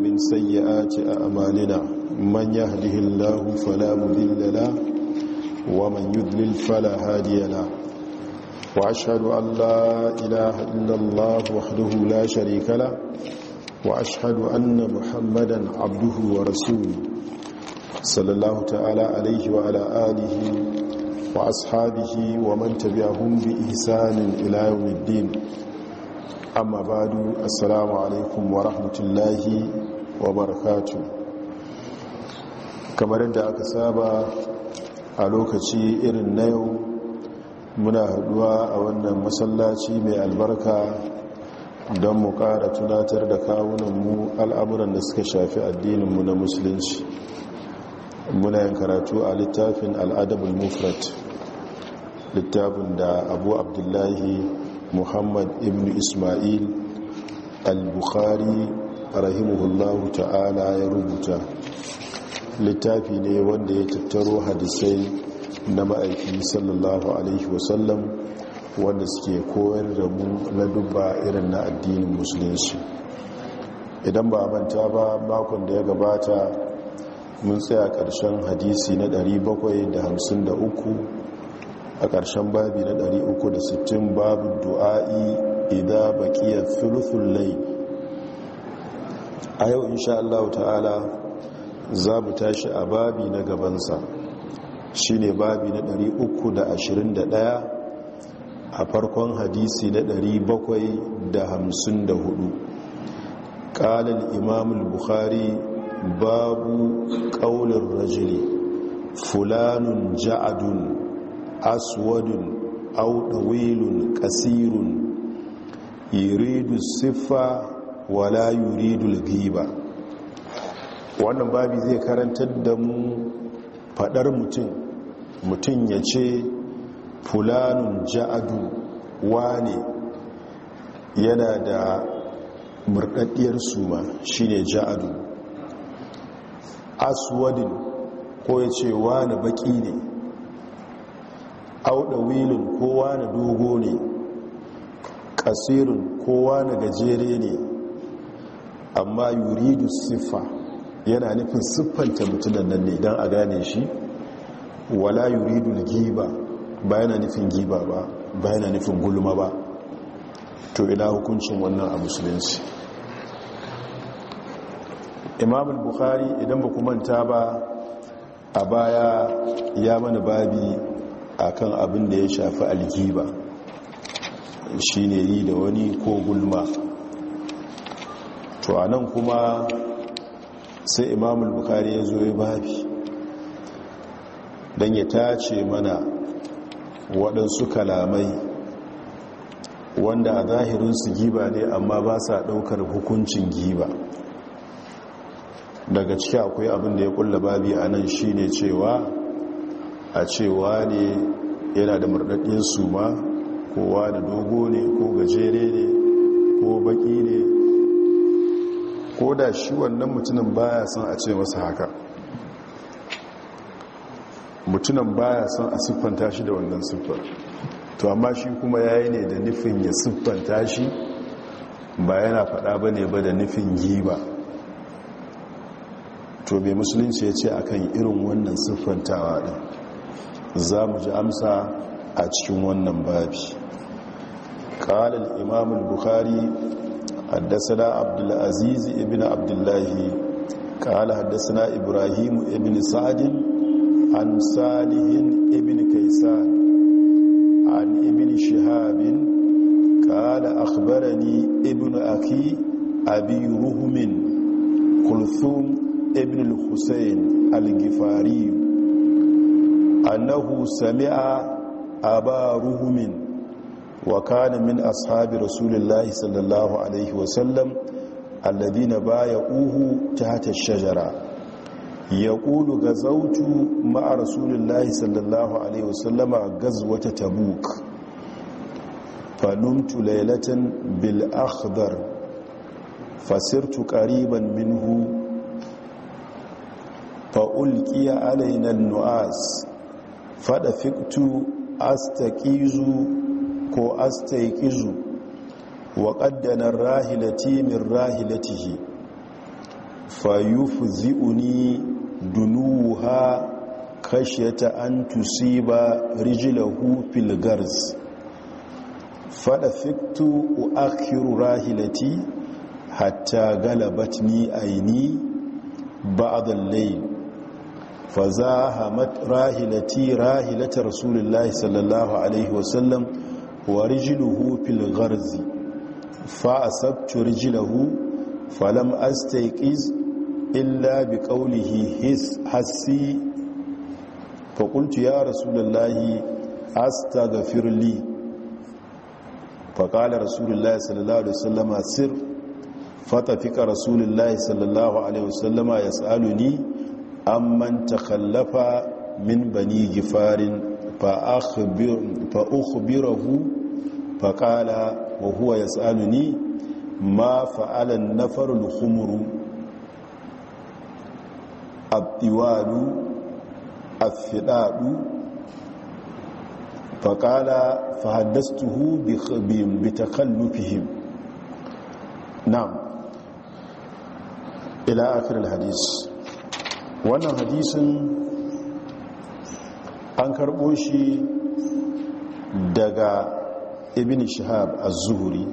min sayyi'ati amanina, man yahdihillahu fala mudilla wa man yudlil fala hadiya la wa ashhadu an la ilaha illallah wahdahu muhammadan 'abduhu wa rasuluhu sallallahu wa ala alihi wa ashabihi wa man tabi'ahum bi ihsanin ila yawmiddin amma ba'du assalamu alaikum wa rahmatullahi wa barakatu kamar yadda aka saba a lokaci irin na yau muna haduwa a wannan masallaci mai albarka don mu ƙara tunatar da kawunanmu al'amuran da suka shafi addininmu na musulunci muna yin karatu a littafin al'adabul mufrat littafin da abu abdullahi muhammad ibn ismail al-bukhari rahimahullahu ta'ala ya rubuta littafi ne wanda ya tattaro hadisai na ma'aiki sallallahu alaihi wasallam wanda suke koyar da mu na dubba irin na addinin musulunci idan ba manta ba makon da ya gabata mun tsaya ƙarshen hadisi na 753 a ƙarshen babi na 360 babu du'a'i idan baƙiyar filufin lai a yau insha Allah ta'ala za mu tashi a babi na gabansa shi ne babi na 321 a farkon hadisi na 754 ƙalin imamul bukhari babu ƙaunar rajili fulanun ja'adun aswadun auɗawilun ƙasirun Iridu siffa wala yuridul ghiba wannan babi zai karantar da mu fadar mutum mutum ya ce fulanun ja'adu wane yana da murɗaɗɗiyar suma shine ja'adu aswadin ko ya ce wane baƙi ne auɗa wilin ko wane dogo ne kasirin kowa na gajere ne amma yuridu siffa yana nufin siffanta mutunan nan ne don a gane shi wala yuridu giba ba yana nufin giba ba ba yana nufin gulma ba to ina hukuncin wannan a musulunci imamul bukhari idan ba manta ba a baya ya mana babi akan abin da ya shafi algiba ne yi da wani ko gulma to a nan kuma sai imamul bukari ya zo ya babi don ya tace mana waɗansu kalamai wanda a zahirinsu giba ne amma ba sa ɗaukar hukuncin giba daga ciki akwai abin da ya ƙulla babi a nan shi cewa a cewa ne yana da su suma kowa da dogo ne ko gajere ne ko baƙi ne ko da shi wannan mutumin baya son a ce masa haka mutumin baya son a siffanta shi da wannan siffar to amma shi kuma ya yi ne da nufin ya siffanta shi ba yana faɗa ba ne ba da nufin yi ba, to bai musulunci ya ce akan irin wannan siffantawa ɗin za mu ji amsa a cikin wannan babi قال الإمام البخاري حدثنا عبد العزيز ابن عبد الله قال حدثنا إبراهيم ابن سعد عن صالح ابن كيسان عن ابن شهاب قال أخبرني ابن أخي أبي رهم كلثوم ابن الحسين الجفاري أنه سمع أبا رهم wa kana min ashabi rasulillahi sallallahu alaihi wasallam baya uhu tahta shajara yaqulu gazautu ma'a rasulillahi sallallahu alaihi wasallama gazwata tabuk numtu laylatan bil akhdar fasirtu qariban minhu fa'ulƙiya alainan nu'as faɗa fiktu astaƙizu ko astaiqizu wa qaddana rahilati min rahilatihi fayufzi'uni dunuha khashyata an tusiba rijlahu faɗa gars u uakhiru rahilati hatta ni aini ba'd al-layl fazahamat rahilati rahilata rasulillahi sallallahu alaihi wasallam wa rijiluhu fil gharzi fa asabtu rijilahu falam astayqiz illa bi qawlihi his hasi fa qultu ya rasulullahi astaghfir li fa qala rasulullahi sallallahu alaihi wasallama sir fatafika rasulullahi sallallahu alaihi wasallama yas'aluni amman takhallafa min bani gifarin fa'ukhbirahu faƙala wa huwa ya ni. ma fa'alan na farin humuru abdiwalu afidaɗu faƙala fahaddastuhu bi takallufihim na'am ila akirar hadis wannan hadisin an karɓo shi daga ibn shahab az-zuhri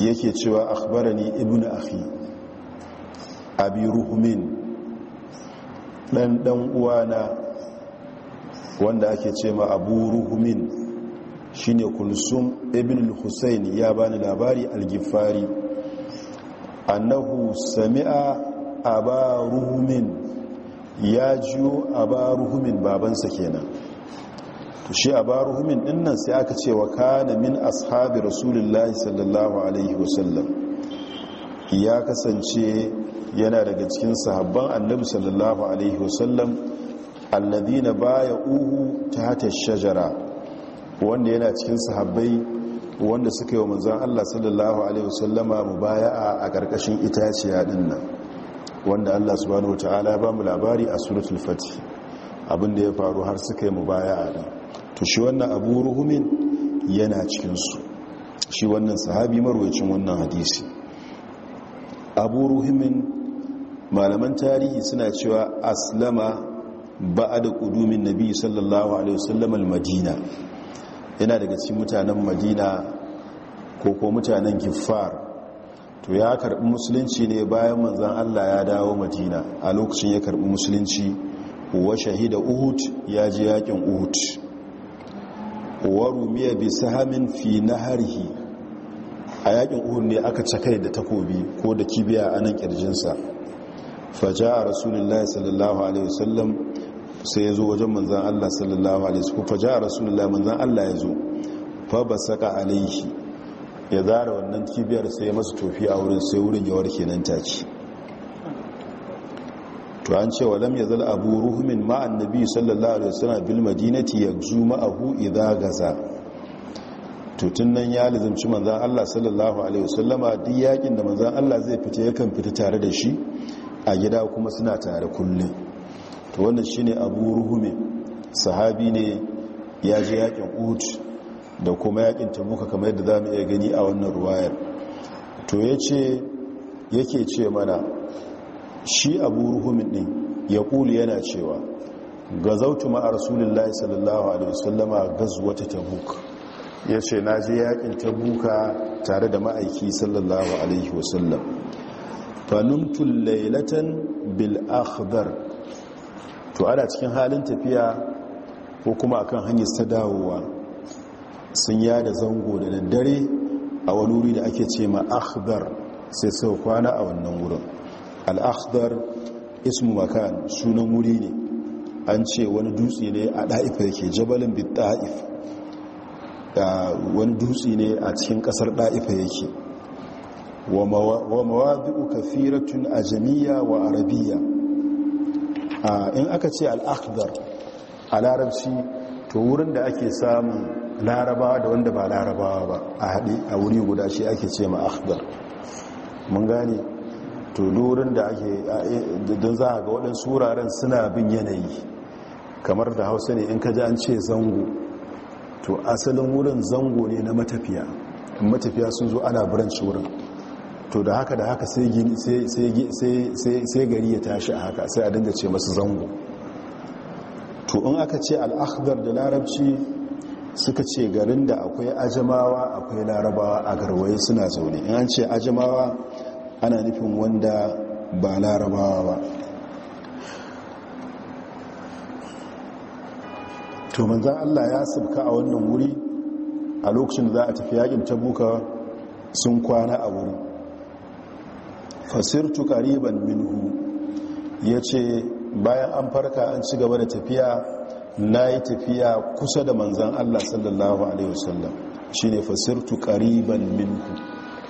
yake cewa akhbarani ibn akhi abi ruhumin dan dan uwana wanda ake ce ma abu ruhumin shine kulsum ibn al-husayn ya bani labari al-gifari annahu sami'a aba ruhumin ya jiyo a baruhumin babansa kenan to shi a baruhumin dinnan sai aka ce wa kana min ashabi rasulullahi sallallahu alaihi wasallam ya kasance yana daga cikin sahabban annabi sallallahu alaihi wasallam alladina baya uhu ta hata shajara wanda yana cikin sahabbai wanda suka yi wa manzan Allah sallallahu alaihi wasallama mubaya'a a ƙarƙashin itaciya dinnan wanda Allah subhanahu wataala ya bamu labari a suratul fatih abinda ya faru har suka yi mubaya'a din to shi wannan Abu Ruhumin yana cikin su shi wannan sahabi marwayacin wannan hadisi Abu Ruhumin malaman tarihi suna cewa aslama ba'da qudumin nabi sallallahu alaihi wasallam al-Madina yana daga cikin mutanen Madina ko ko mutanen Kiffar to ya karbi musulunci ne bayan manzan Allah ya dawo madina a lokacin ya karbi musulunci wa shahida uhud ya ji yakin uhud wa rumiya bi sahamin fi naharhi a yakin uhud ne aka cakai da takobi ko da kibiya a nan kirjinsa faja a rasulullahi sallallahu alaihi wasallam sai ya zo wajen manzan Allah sallallahu alaihi wasallam faja a rasulullahi manzan Allah ya zo fa basaka alaihi ya zara wannan cibiyar sai ya masu tofi a wurin sai wurin ya warke nan take to an ce lam ya zala abu ruhumin ma'an nabi sallallahu alaihi wasallam bil madinati yagzu ma'ahu idza gaza to tun nan ya lazimci manzan Allah sallallahu alaihi wasallama duk yakin da manzan Allah zai fita yakan fita tare da shi a gida kuma suna tare kullun to wannan shine abu ruhumin sahabi ne ya je yakin uhud da kuma yakin tamuka kamar yadda za mu iya gani a wannan ruwayar to ya ce yake ce mana shi abu ruhumin ɗin ya ƙuli yana cewa ga zautu ma'a rasulullahi sallallahu alaihi wasallama gazuwata tabuk ya ce na je yakin tabuka tare da ma'aiki sallallahu alaihi wasallam fanumtun lailatan bil to ana cikin halin tafiya ko kuma akan hanyar sadawowa sun yada zango da daddare a wani wuri da ake ce ma akhdar sai sau kwana a wannan wurin al'akhdar ismu makan sunan wuri ne an ce wani dutse ne a ɗa'ifa yake jabalin bit ɗa'if wani dutse ne a cikin ƙasar ɗa'ifa yake wa mawaɗi'u kafiratun a jami'a wa arabiya in aka ce al'akhdar a larabci to wurin da ake samun larabawa da wanda ba larabawa ba a haɗe a wuri guda shi ake ce ma akhdar mun gane to lurin da ake don za a ga waɗansu wuraren suna bin yanayi kamar da hausa ne in ka ji an ce zango to asalin wurin zango ne na matafiya in matafiya sun zo ana buranci wurin to da haka da haka sai gari ya tashi a haka sai a dinga ce masu zango to in aka ce al'akhdar da larabci suka ce garin da akwai ajamawa akwai larabawa a garwaye suna zaune in an ce ajamawa ana nufin wanda ba larabawa ba to manzan allah ya sabka a wannan wuri a lokacin da za a tafi yakin tabuka sun kwana a wuri fasirtu kariban minhu ya ce bayan an farka an ci gaba da tafiya na yi tafiya kusa da manzan Allah sallallahu Alaihi wasallam shi ne fasirtu ƙariban minku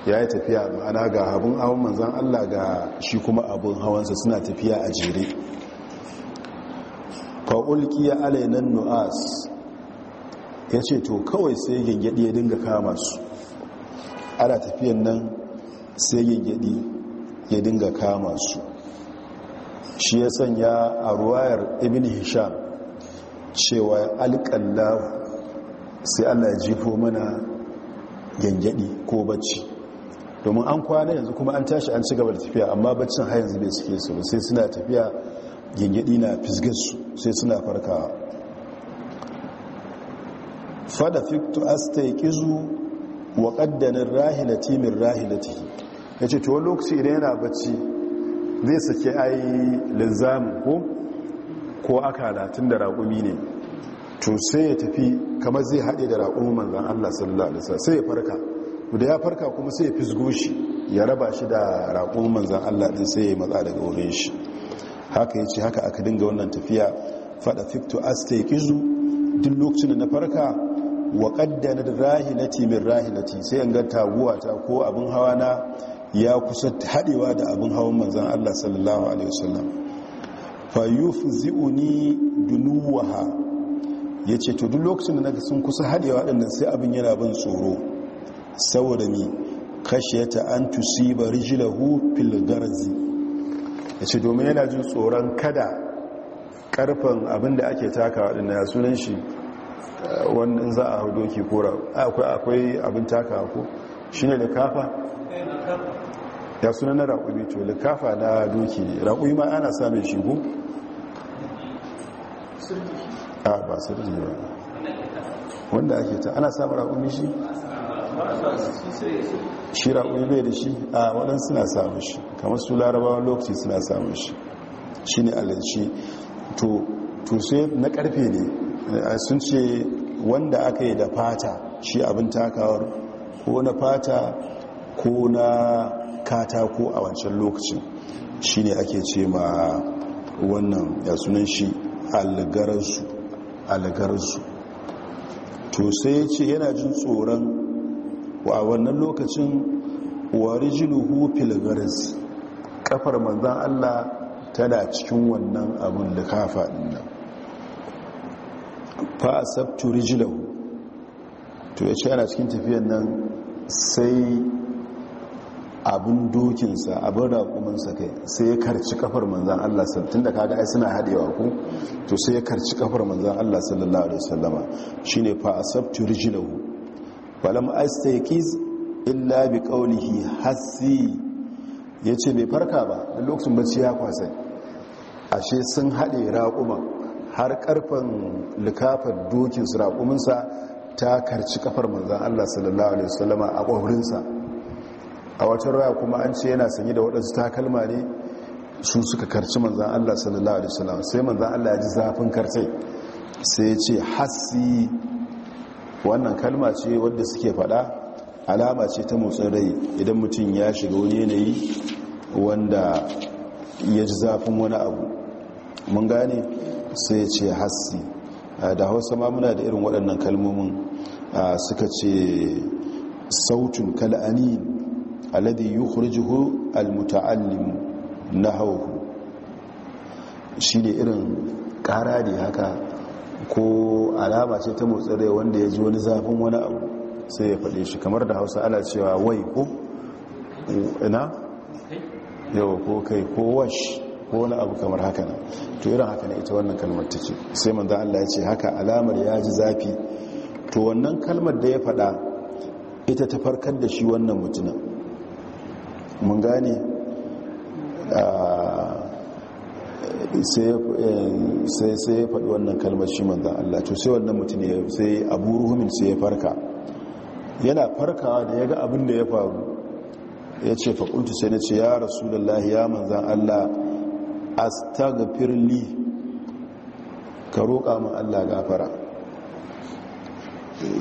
ya yi tafiya ma'ana ga abin hawan manzan Allah ga shi kuma abin hawansa suna tafiya a jere fa'ulkiya alainan nu'as ya ce to kawai sai gyangyaɗi ya dinga kama su ana tafiyan nan sai gyangyaɗi ya dinga kama su shi ya sanya a ruwayar ibn hisham cewa alƙalla sai allah jifo mana gyangyaɗi ko bacci domin an kwana yanzu kuma an tashi an ci gaba da tafiya amma baccin har yanzu bai suke su sai suna tafiya gyangyaɗi na fisgarsu sai suna farkawa fada fito asta ya kizu wa ƙaddanin rahilati min rahilati ya ce tuwon lokaci idan yana bacci zai sake ayi linzamin ko ko aka tun da raƙumi ne to sai ya tafi kamar zai haɗe da raƙumin manzan Allah sallallahu alaihi sai ya farka da ya farka kuma sai ya fisgo shi ya raba shi da raƙumin manzan Allah ɗin sai ya matsa daga wurin shi haka ya ce haka aka dinga wannan tafiya faɗa fada fiktu astaiqizu duk lokacin da na farka wa qaddana rahilati min rahilati sai an ga taguwa ta ko abin hawa na ya kusa haɗewa da abin hawan manzan Allah sallallahu alaihi wasallam fayufzi'uni dunuwaha ce to duk lokacin da naga sun kusa haɗe dinnan sai abin yana ban tsoro saboda ni khashiyata an ba rijilahu filgarzi Ya ce domin yana jin tsoron kada karfan abin da ake takawa dinnan ya sunan shi eh, wannan za a hau doki kora akwai abin takawa ko shi ne da kafa eh, ya suna na raƙumi to likafa na doki ne raƙumi ma ana samun shi ko? a ba sirri ba wanda ake ta ana samun raƙumi shi? shi raƙumi bai da shi a waɗansu suna samun shi kamar su larabawan lokaci suna samun shi shi ne alanci to sai na ƙarfe ne sun ce wanda aka yi da fata shi abin takawar ko na fata ko na katako a wancan lokacin shi ne ake ce ma wannan ya sunan shi algararsu to sai ya ce yana jin tsoron a wannan lokacin warijinuhu filgaris kafar manzan allah tana cikin wannan abin da kafa ɗinnan sabtu rijilahu to ya ce yana cikin tafiyan nan sai abin dokinsa abin raƙuminsa kai sai ya karci kafar manzan Allah tun da kaga ai suna haɗewa ku to sai ya karci kafar manzan Allah sallallahu alaihi wasallama shine fa asabtu rijlahu falam astayqiz illa bi qawlihi hasi yace bai farka ba da lokacin bacci ya kwasa ashe sun haɗe raƙuma har karfan likafar dokin su ta karci kafar manzan Allah sallallahu alaihi wasallama a ƙwarinsa a wata raya kuma an ce yana sanye da waɗansu takalma ne su suka karci manzan Allah sallallahu alaihi wasallam sai manzan Allah ya ji zafin karce sai ya ce hasi. wannan kalma ce wadda suke faɗa alama ce ta motsin rai idan mutum ya shiga wani yanayi wanda ya ji zafin wani abu mun gane sai ya ce hasi. da hausa ma muna da irin waɗannan kalmomin suka ce sautin kal'ani alladhi yukhrijuhu almuta'allim shi shine irin kara ne haka ko alama ce ta motsi rai wanda ya ji wani zafin wani abu sai ya faɗe shi kamar da hausa ana cewa wai ko ina Yau, ko kai ko wash ko wani abu kamar haka na to irin haka ne ita wannan kalmar take sai manzo Allah ya ce haka alamar ya ji zafi to wannan kalmar da ya faɗa ita ta farkar da shi wannan mutumin mun gane eh, sai sai ya faɗi wannan kalmar shi manzan Allah to sai wannan mutum ya sai abu ruhumin sai ya farka yana farkawa da ya ga abin da ya faru ya ce faƙuntu sai na ce ya rasu da lahiya manzan Allah li, ka roƙa ma Allah gafara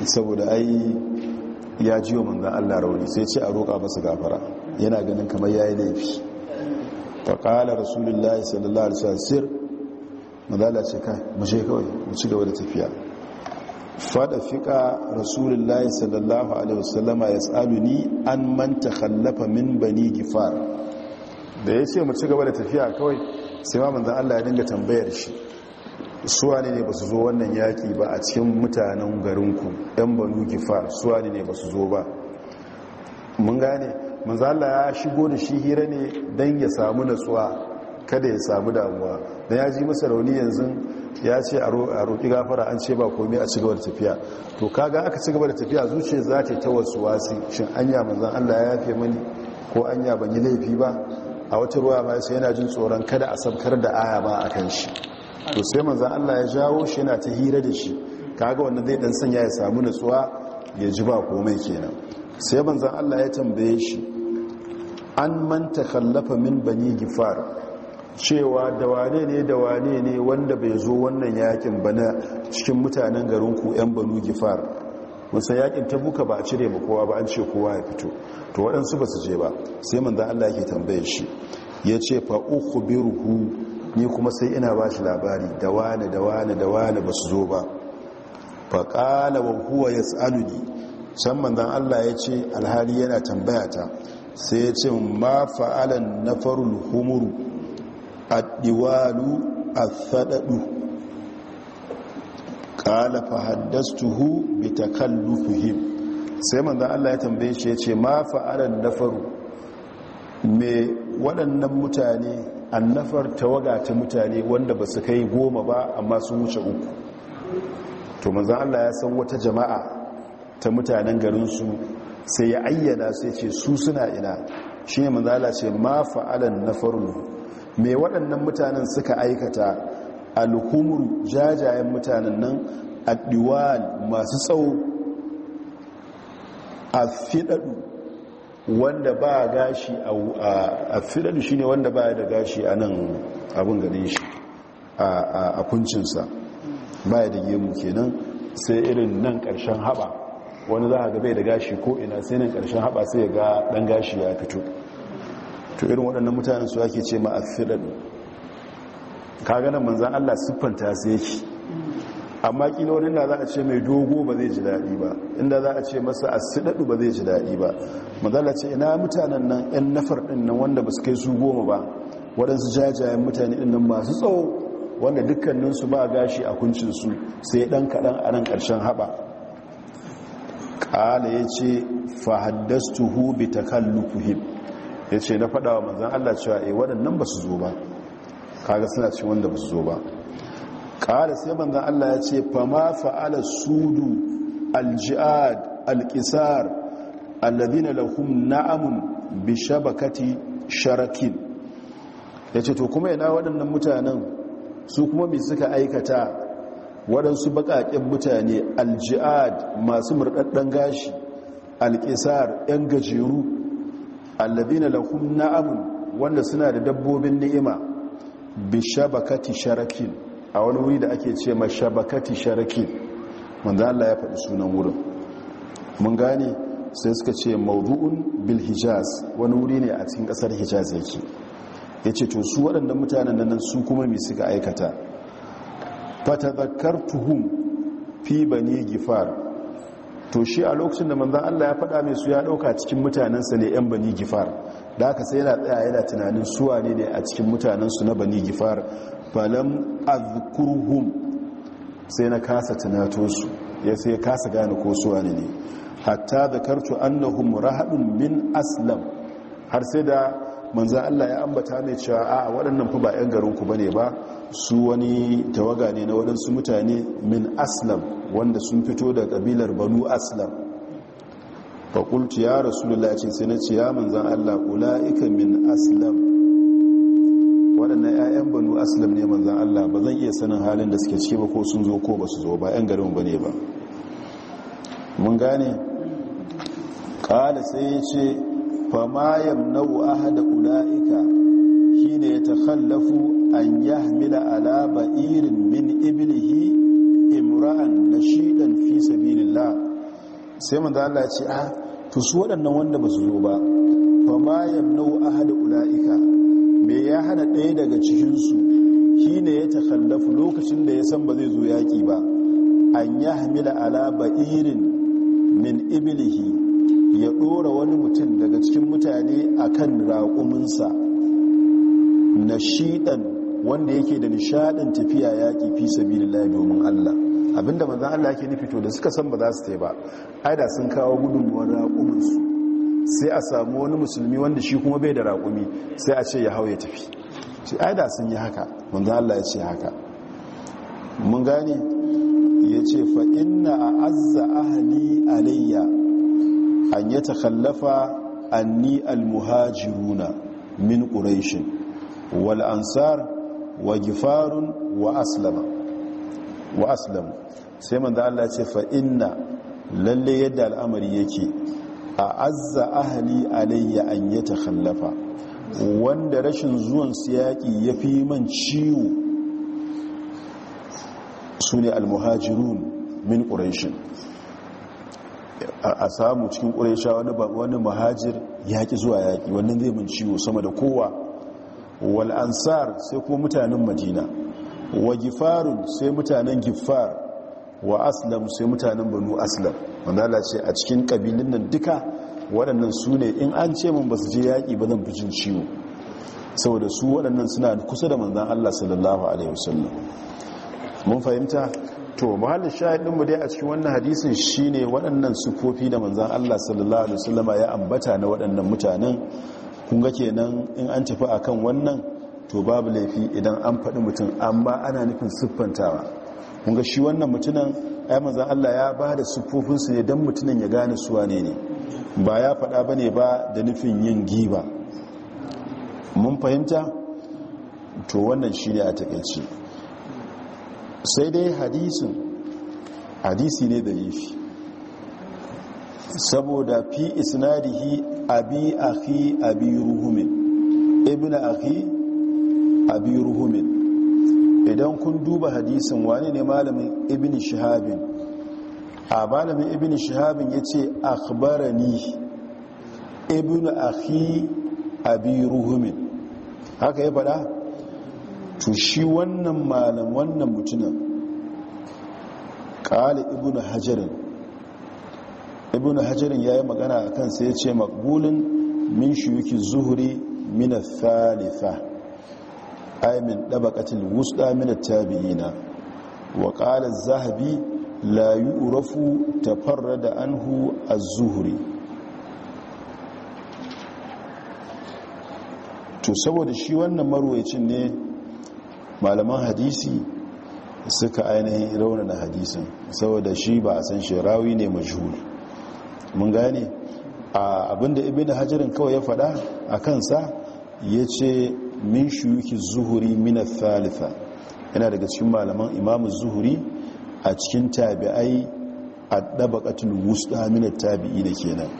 saboda ai ya ji wa manzan Allah rauni sai ce a roƙa masa gafara yana ganin kamar ya yi laifi fa qala sallallahu alaihi wasallam sir madalla ce kai mu je kawai mu ci gaba da tafiya fada fiƙa rasulullahi sallallahu alaihi wasallama ni an manta takhallafa min bani gifar da ya ce mu ci gaba da tafiya kawai sai ma manzan Allah ya dinga tambayar shi suwa ne ne ba su zo wannan yaƙi ba a cikin mutanen garinku ɗan banu gifar suwa ne ne ba su zo ba mun gane manzala ya shigo da shi hira ne don ya samu natsuwa kada ya samu damuwa da ya ji masa rauni yanzu ya ce a roƙi gafara an ce ba komai a cigaba da tafiya to kaga aka cigaba da tafiya zuciya za ta ta wasu wasi shin anya manzan allah ya yafe mani ko anya ban yi laifi ba a wata ruwa ba sai yana jin tsoron kada a sabkar da aya ba a kan shi to sai manzan allah ya jawo shi yana ta hira da shi kaga wannan zai dan sanya ya samu natsuwa ya ji ba komai kenan sai banzan Allah ya tambaye shi an manta kallafa min bani gifar cewa da wane ne da wane ne wanda bai zo wannan yakin bana cikin mutanen garin ku yan banu gifar musa yakin ta buka ba a cire ba kowa ba an ce kowa ya fito to waɗansu ba su je ba sai manzan Allah ke tambaye shi ya ce fa uku biruhu ni kuma sai ina ba shi labari da wane da wane da wane ba su zo ba faƙala wa huwa ya tsaluni can manzan allah ya ce alhali yana tambaya ta sai ya ce ma fa'alan na farul humuru a ɗiwalu a faɗaɗu ƙala fahaddastuhu bi lufuhim. sai manzan allah ya tambaye shi ya ce ma fa'alan na faru mai waɗannan mutane annafar tawaga ta mutane wanda ba su kai goma ba amma sun wuce uku to manzan Allah ya san wata jama'a ta mutanen garinsu sai ya ayyana su ya ce su suna ina shi ne manzan Allah ce ma fa'alan na farnu mai waɗannan mutanen suka aikata alhumru jajayen mutanen nan a addiwal masu tsawo a fiɗaɗu wanda ba gashi a fiɗaɗu shi ne wanda ba da gashi a nan abin gare shi a kuncinsa baya da gemu kenan sai irin nan karshen haba wani za a gabai da gashi ko ina sai nan karshen haba sai ga dan gashi ya fito to irin waɗannan mutane su ake ce ma afidan Ka nan manzan Allah siffanta sai yake amma kila wani inda za a ce mai dogo ba zai ji daɗi ba inda za a ce masa asidadu ba zai ji daɗi ba mazala ce ina mutanen nan yan nafar ɗin nan wanda ba su kai su goma ba waɗansu jajayen mutane ɗin nan masu tsawo wanda dukkaninsu ba gashi a kuncinsu sai ɗan kaɗan a nan ƙarshen haɓa ƙala ya ce hu bi takallukuhim ya ce na faɗa wa manzan Allah cewa e waɗannan ba su zo ba kaga suna ce wanda ba su zo ba ƙala sai manzan Allah ya ce fama fa'ala sudu alji'ad alƙisar alladina lahum na'amun bi shabakati sharakin ya ce to kuma yana waɗannan mutanen su kuma mai suka aikata waɗansu baƙaƙen mutane aljihad masu murɗaɗɗen gashi alƙisar 'yan gajeru allabina lahum na'amun wanda suna da dabbobin ni'ima bi shabakati sharakin a wani wuri da ake ce ma shabakati sharakin wanda Allah ya faɗi sunan wurin mun gane sai suka ce maudu'un bilhijaz wani wuri ne a cikin ƙasar hijaz yake ya ce to su waɗannan mutanen nan su kuma mai suka aikata fata zakar tuhum fi bane gifar to shi a lokacin da manzan allah ya faɗa mai su ya ɗauka cikin mutanensa ne 'yan bani gifar da aka sai yana tsaya yana tunanin suwa ne ne a cikin mutanensu na banigifar. gifar falam azkurhum sai na kasa tunato su ya sai kasa gane ko suwa ne ne hatta zakar annahum rahabun min aslam har sai da manzan Allah ya ambata mai cewa a waɗannan fi ba 'yan garinku ba ne ba su wani tawaga ne na waɗansu mutane min aslam wanda sun fito da ƙabilar banu aslam faƙultu ya lullu ce sai na ce ya manzan Allah ika min aslam waɗannan 'ya'yan banu aslam ne manzan Allah ba zan iya sanin halin da suke ciki ba ko sun zo ko ba su zo ba 'yan garin ba ne ba mun gane ƙada sai ya ce fama yamnau ula'ika shi ne ya takhallafu an ya hamila alaba irin min iblihi imra'an da shi fi sabilillah sai manzo Allah ce a ah, to su waɗannan wanda ba su zo ba fa ma a ahad ula'ika me ya hana ɗaya daga cikinsu shi ne ya takhallafu lokacin da ya san ba zai zo yaƙi ba an ya hamila alaba irin min iblihi ya ɗora wani mutum daga cikin mutane a kan raƙuminsa na shiɗan wanda yake da nishaɗin tafiya yaƙi fi sabi domin Allah abinda manzan Allah yake nufi to da suka san ba za su taiba. Aida ai da sun kawo gudunmuwar raƙuminsu sai a samu wani musulmi wanda shi kuma bai da raƙumi sai a ce ya hau ya tafi ce ai da sun yi haka manzan Allah ya ce haka mun gane ya ce fa'in na a ahali alayya an ya takallafa anni almuhajiruna min quraishin wal wa gifarun wa aslama wa aslamu sai manzo Allah ce fa inna lalle yadda al'amari yake a azza ahali alayya an ya takallafa wanda rashin zuwan siyaki ya fi man ciwo su ne muhajirun min ƙurashin a samu cikin ƙuraisha wani mahajir yaƙi zuwa yaƙi wannan zai mun ciwo sama da kowa wal ansar sai kuma mutanen madina wa gifarun sai mutanen gifar wa aslam sai mutanen banu aslam wanda ala ce a cikin ƙabilin nan duka waɗannan su ne in an ce mun ba su je yaƙi ba zan fi jin ciwo saboda su waɗannan suna kusa da manzon allah sallallahu alaihi mun fahimta to muhallin shahidin mu dai a cikin wannan hadisin shine waɗannan sufofi da manzon Allah sallallahu alaihi wasallama ya ambata na waɗannan mutanen kun ga kenan in an tafi akan wannan to babu laifi idan an faɗi mutum amma ana nufin siffantawa kun ga shi wannan mutunan ai manzon Allah ya ba da siffofinsu ne dan mutunan ya gane su wane ne ba ya faɗa bane ba da nufin yin giba mun fahimta to wannan shine a takeice sai dai hadisin hadisi ne da fi, saboda fi isnadihi abi akhi abi ruhumin ibn akhi abi ruhumin idan kun duba hadisin wani ne malamin ibn shahabin, a malamin ibn shahabin ya ce akhbarani ibn akhi abi ruhumin haka ya fada to shi wannan malam wannan mutunan ƙali ibn hajjarin ibn hajjarin ya yi magana a kan ya ce makbulin min yuki zuhuri mina thalitha aimin min dabaqatil mina tabiina wa zahabi zahabi la farra da anhu a zuhuri. to saboda shi wannan marwacin ne malaman hadisi suka ainihin na hadisin saboda shi ba a san shirawi ne majhul mun gane abinda ibn hajarin kawai ya faɗa a kansa ya ce min shuyuki zuhuri mina thalitha yana daga cikin malaman imamu zuhuri a cikin tabi'ai a katin wusta mina tabi'i da kenan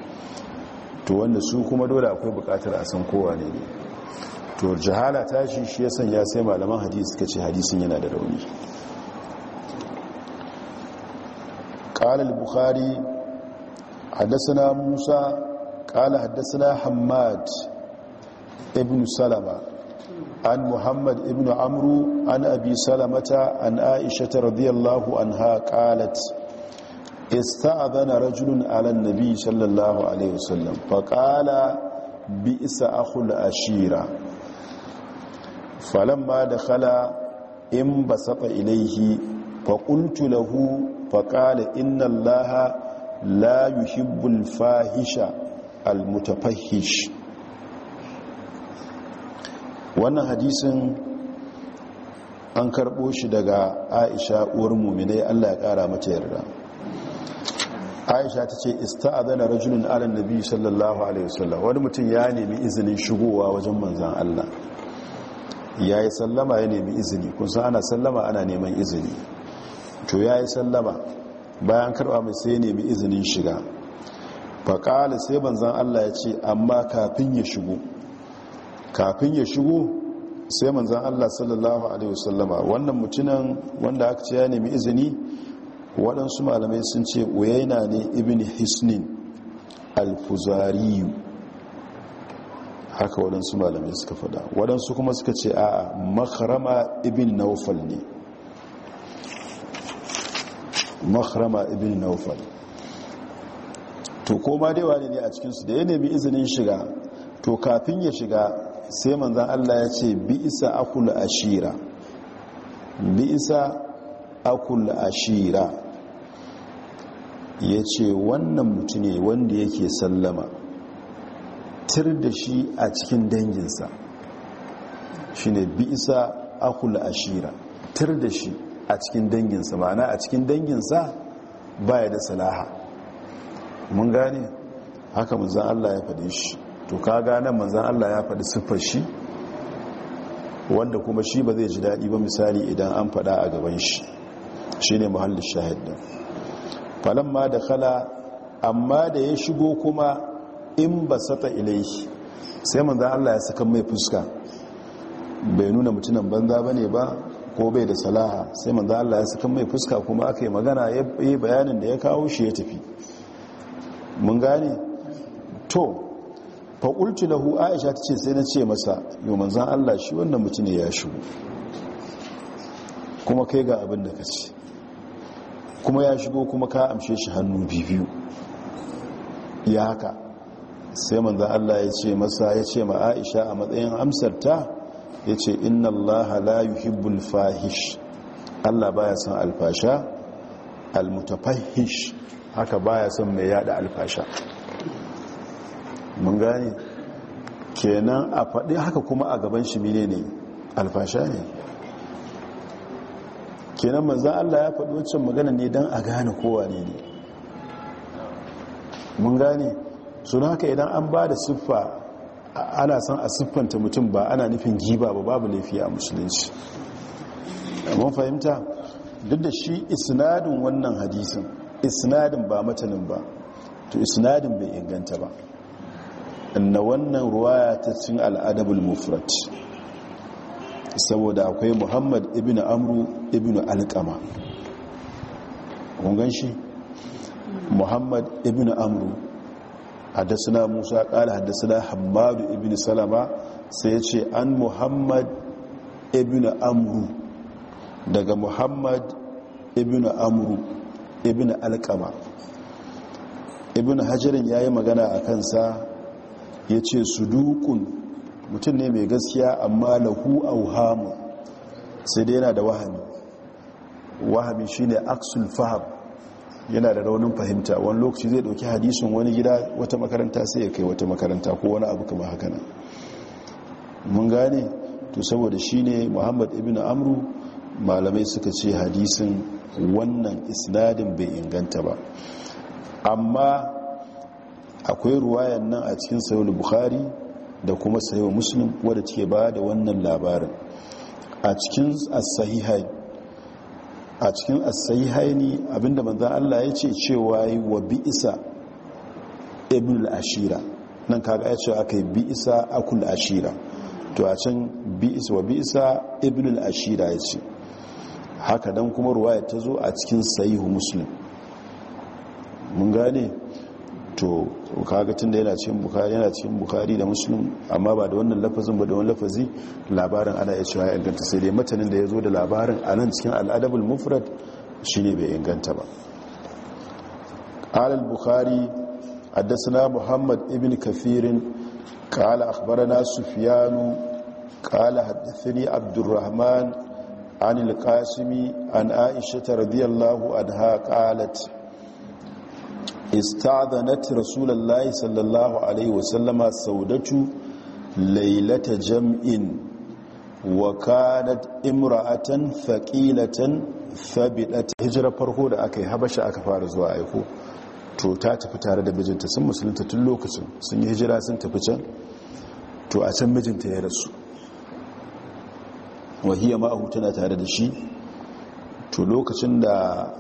to wanda su kuma dole akwai bukatar a san kowa ne ne to jahala tashi shi ya sanya sai malaman hadisi suka ce hadisin yana da rauni قال البخاري حدثنا موسى قال حدثنا حماد ابن سلمة عن محمد ابن عمرو عن أبي سلمة عن عائشة رضي الله عنها قالت استأذن رجل على النبي صلى الله عليه وسلم فقال بئس أخو الأشيرة ba da khala in ba saba ilaihi faƙultu lahu faƙala inna laha la yuhibbul fahisha almutafahish wannan hadisin an karɓo shi daga aisha uwar muminai allah ya ƙara mata yarda aisha ta ce ista'adana rajulun ala nabi sallallahu alaihi wasallam wani mutum ya nemi izinin shigowa wajen manzan allah ya yi sallama ya nemi izini san ana sallama ana neman izini to ya yi sallama bayan karba mai sai ya nemi izinin shiga faƙali sai banzan allah ya ce amma kafin ya shigo kafin ya shigo sai manzan allah sallallahu alaihi wasallama wannan mutunan wanda aka ce ya nemi izini waɗansu malamai sun ce uyaina ne ibn hisnin alfuzariyu haka waɗansu malamai suka fada waɗansu kuma suka ce a makarama ibin naufal ne makarama ibin naufal to ko ma dai wani ne a cikinsu da ya nemi izinin shiga to kafin ya shiga sai manzan allah ya ce bi isa akul ashira bi isa akul ashira ya ce wannan mutu ne wanda yake sallama fitar da shi a cikin danginsa shi ne bisa akul ashira Tar da shi a cikin danginsa ma'ana a cikin danginsa baya da salaha mun gane haka manzan Allah ya faɗi shi to ka gane manzan Allah ya faɗi siffar shi wanda kuma shi ba zai ji daɗi ba misali idan an faɗa a gaban shi shi ne muhallin shahid ɗin ma da kala amma da ya shigo kuma in ba sata ilaihi sai manzan Allah ya saka mai fuska bai nuna mutunan banza ba ne ba ko bai da salaha sai manzan Allah ya saka mai fuska kuma aka yi magana ya yi bayanin da ya kawo shi ya tafi mun gane to faƙulci lahu aisha ta ce sai na ce masa yo manzan Allah shi wannan mutum ne ya shigo kuma kai ga abin da ka ci, kuma ya shigo kuma ka amshe shi hannu bibiyu ya haka sai manza Allah ya ce masa ya ce ma Aisha a matsayin amsarta ya ce inna Allah la yuhibbul fahish Allah baya son alfasha almutafahish haka baya son mai yada alfasha mun gane kenan a faɗi haka kuma a gaban shi mine ne alfasha ne kenan manzan Allah ya faɗi waccan magana ne don a gane kowa ne ne mun gane suna haka idan an ba da siffa ana san a siffanta mutum ba ana nufin giba ba babu laifi a musulunci amma fahimta duk da shi isnadin wannan hadisin isnadin ba matanin ba to isnadin bai inganta ba inna wannan ruwaya ta cin al'adabul mufrat saboda akwai muhammad ibn amru ibn alkama kun shi muhammad ibn amru haddasa musa ƙala haddasa hamadu ibn salama sai ya ce an muhammad ibn amru daga muhammad ibn amru ibn alkama. ibn hajjarin ya yi magana a kansa ya ce dukun mutum ne mai gaskiya amma lahu auhamu sai dai yana da wahami wahami shine aksul faham yana da raunin fahimta wani lokaci zai dauki hadisin wani gida wata makaranta sai ya kai wata makaranta ko wani abu kama haka nan mun gane to saboda shine muhammad ibn amru malamai suka ce hadisin wannan isnadin bai inganta ba amma akwai ruwayan nan a cikin sayar bukhari da kuma sayar muslim wadda ce ba da wannan labarin a cikin as a cikin asai haini abinda manzan Allah ya ce cewa yi wa isa ibn ashira nan kaga ya ce aka yi bi isa akul ashira to a can isa wa isa ibn ashira ya ce haka dan kuma ruwaya ta zo a cikin hu musulun mun gane to kagacin tunda yana cikin bukhari yana cikin bukari da muslim amma ba da wannan lafazin ba da wani lafazi labarin ana iya cewa ya inganta sai dai matanin da ya zo da labarin a nan cikin al'adabul mufrad shi ne bai inganta ba alal bukari addasana muhammad ibn kafirin kala akbara sufiyanu kala haddathani abdurrahman an ilkasimi an aisha ta anha adha kalat istadanat rasulullahi sallallahu alaihi wasallama saudatu lailata jam'in wa kanat imra'atan faqilatan thabitat hijira farko da aka yi habasha aka fara zuwa aiko to ta tafi tare da mijinta sun musulunta tun lokacin sun yi hijira sun tafi can to a can mijinta ya rasu wahiya ma'ahu tana tare da shi to lokacin da